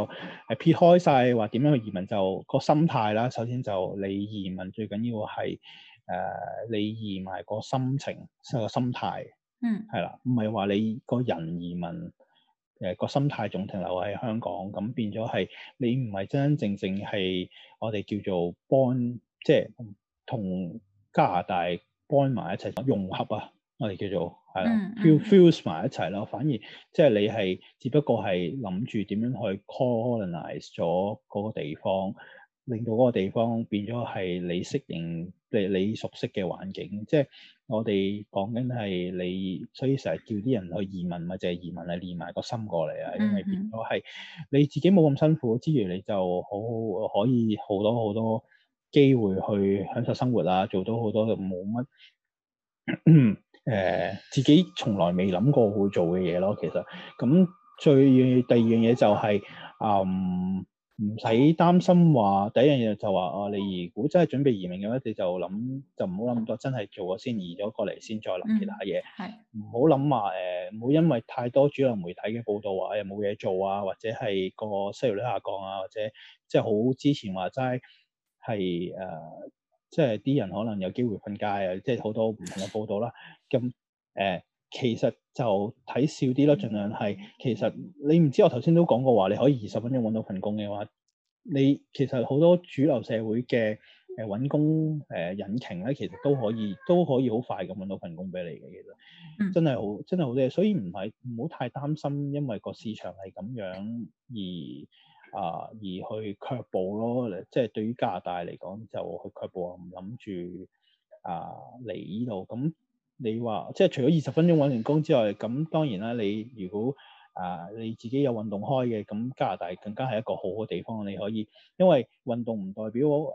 係撇開晒話點樣去移民，就個心態啦。首先就你移民最緊要係誒、呃、你移埋個心情，個心態。嗯，係啦，唔係話你個人移民。誒個心態仲停留喺香港，咁變咗係你唔係真真正正係我哋叫做 bond 即係同加拿大 bond 埋一齊融合啊！我哋叫做係啦，fuse 埋一齊咯。嗯、反而即係、就是、你係只不過係諗住點樣去 colonize 咗嗰個地方。令到嗰個地方變咗係你適應你你熟悉嘅環境，即係我哋講緊係你，所以成日叫啲人去移民或者係移民係連埋個心過嚟啊，因為變咗係你自己冇咁辛苦，之餘你就好可以好多好多機會去享受生活啦，做到好多冇乜誒自己從來未諗過會做嘅嘢咯。其實咁最第二樣嘢就係、是、嗯。唔使擔心話第一樣嘢就話啊你如果真係準備移民嘅話，你就諗就唔好諗咁多，真係做咗先移咗過嚟先再諗其他嘢。係唔好諗話誒，唔好、呃、因為太多主流媒體嘅報道啊，又冇嘢做啊，或者係個失業率下降啊，或者即係好之前話齋係誒，即係啲人可能有機會瞓街啊，即係好多唔同嘅報道啦、啊。咁誒。 [laughs] 呃其實就睇少啲咯，盡量係。其實你唔知我頭先都講過話，你可以二十分鐘搵到份工嘅話，你其實好多主流社會嘅誒搵工誒、呃、引擎咧，其實都可以都可以好快咁搵到份工俾你嘅。其實真係好真係好多，所以唔係唔好太擔心，因為個市場係咁樣而啊、呃、而去卻步咯。即係對於加拿大嚟講，就去卻步啊，唔諗住啊嚟呢度咁。你話即係除咗二十分鐘揾完工之外，咁當然啦。你如果啊、呃、你自己有運動開嘅，咁加拿大更加係一個好嘅地方。你可以，因為運動唔代表誒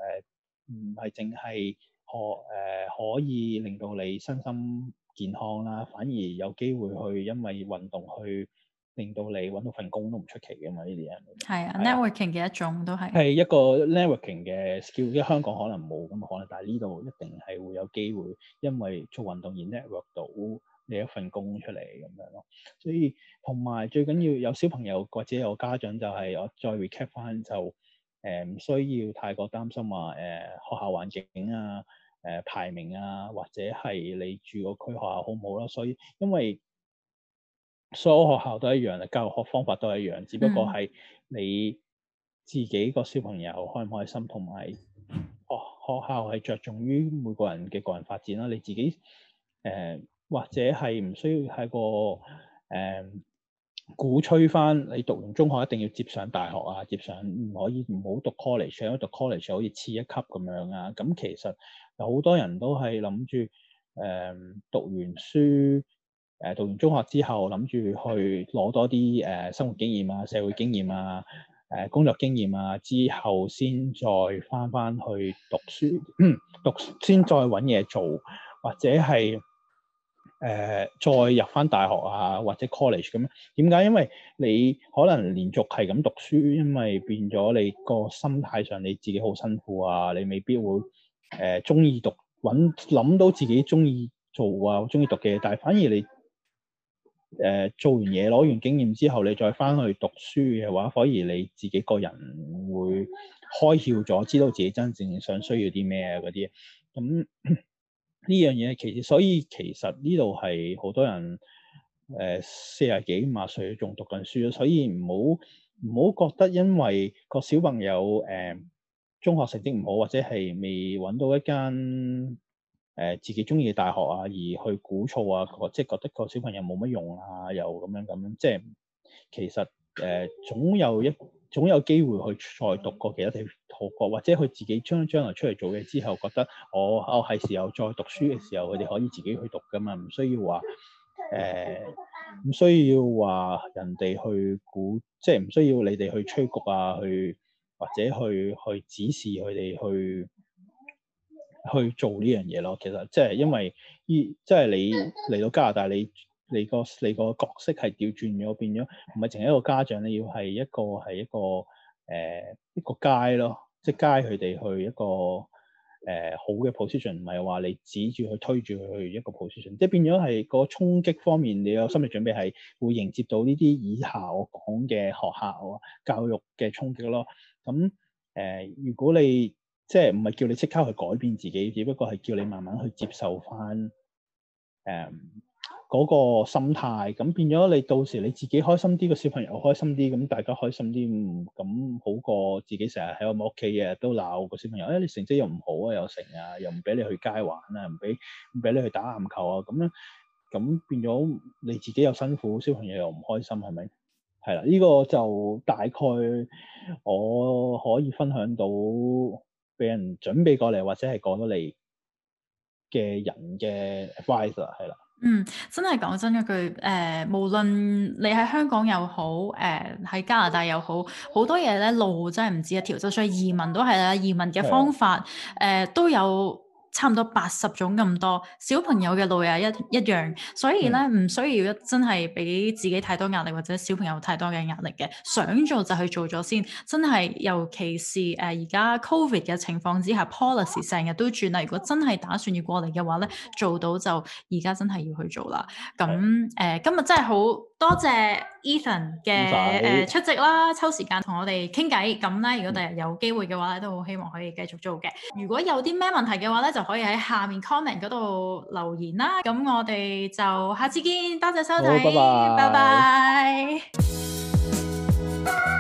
唔係淨係可誒可以令到你身心健康啦，反而有機會去因為運動去，令到你揾到份工都唔出奇㗎嘛，呢啲嘢係啊，啊，networking 嘅一種，都係係一個 networking 嘅 skill，香港可能冇咁可能，但係呢度一定係會有機會，因為做運動而 network 到你一份工出嚟咁樣咯。所以同埋最緊要有小朋友或者有家長，就係，就係我再 recap 翻就誒、唔、呃、需要太過擔心話誒、呃、學校環境啊、誒、呃、排名啊，或者係你住嗰區學校好唔好咯。所以因為所有學校都一樣，教育學方法都一樣，只不過係你自己個小朋友開唔開心，同埋哦學校係着重於每個人嘅個人發展啦。你自己誒、呃、或者係唔需要喺個誒、呃、鼓吹翻你讀完中學一定要接上大學啊，接上唔可以唔好讀 college，因為讀 college 好似次一級咁樣啊。咁其實有好多人都係諗住誒讀完書。誒讀完中學之後，諗住去攞多啲誒、呃、生活經驗啊、社會經驗啊、誒、呃、工作經驗啊，之後先再翻翻去讀書，讀先再揾嘢做，或者係誒、呃、再入翻大學啊，或者 college 咁。點解？因為你可能連續係咁讀書，因為變咗你個心態上你自己好辛苦啊，你未必會誒中意讀揾諗到自己中意做啊、中意讀嘅嘢，但係反而你。誒、呃、做完嘢攞完經驗之後，你再翻去讀書嘅話，反而你自己個人會開竅咗，知道自己真正想需要啲咩嗰啲。咁呢、嗯、樣嘢其實，所以其實呢度係好多人誒四廿幾、五、呃、廿歲仲讀緊書，所以唔好唔好覺得因為個小朋友誒、呃、中學成績唔好，或者係未揾到一間。誒、呃，自己中意嘅大學啊，而去鼓噪啊，即係覺得個小朋友冇乜用啊，又咁樣咁樣，即係其實誒、呃，總有一總有機會去再讀個其他地方學過，或者佢自己將將來出嚟做嘢之後，覺得我我係、哦、時候再讀書嘅時候，佢哋可以自己去讀㗎嘛，唔需要話誒，唔、呃、需要話人哋去鼓，即係唔需要你哋去吹局啊，去或者去去指示佢哋去。去做呢樣嘢咯，其實即係因為依即係你嚟到加拿大，你你個你個角色係調轉咗，變咗唔係淨係一個家長，你要係一個係一個誒、呃、一個 guide 咯，即係 guide，佢哋去一個誒、呃、好嘅 position，唔係話你指住佢推住佢去一個 position，即係變咗係個衝擊方面，你有心理準備係會迎接到呢啲以下我講嘅學校啊、教育嘅衝擊咯。咁誒、呃，如果你即係唔係叫你即刻去改變自己，只不過係叫你慢慢去接受翻誒嗰個心態。咁變咗你到時你自己開心啲，個小朋友開心啲，咁大家開心啲，咁好過自己成日喺我屋企日日都鬧個小朋友。誒，你成績又唔好啊，又成啊，又唔俾你去街玩啊，唔俾唔俾你去打籃球啊。咁咧，咁變咗你自己又辛苦，小朋友又唔開心，係咪？係啦，呢個就大概我可以分享到。俾人準備過嚟，或者係講到你嘅人嘅 advice 啦，係啦。嗯，真係講真一句，誒、呃，無論你喺香港又好，誒、呃、喺加拿大又好，好多嘢咧，路真係唔止一條，就算移民都係啦，移民嘅方法誒的、呃、都有。差唔多八十種咁多，小朋友嘅路啊，一一樣，所以咧唔需要一真係俾自己太多壓力或者小朋友太多嘅壓力嘅，想做就去做咗先。真係尤其是誒、呃、而家 COVID 嘅情況之下，policy 成日都轉啦。如果真係打算要過嚟嘅話咧，做到就而家真係要去做啦。咁誒、呃，今日真係好～多謝 Ethan 嘅用、呃、出席啦，抽時間同我哋傾偈，咁咧如果第日有機會嘅話咧，都好希望可以繼續做嘅。如果有啲咩問題嘅話咧，就可以喺下面 comment 嗰度留言啦。咁我哋就下次見，多謝收睇，拜拜。拜拜，拜拜。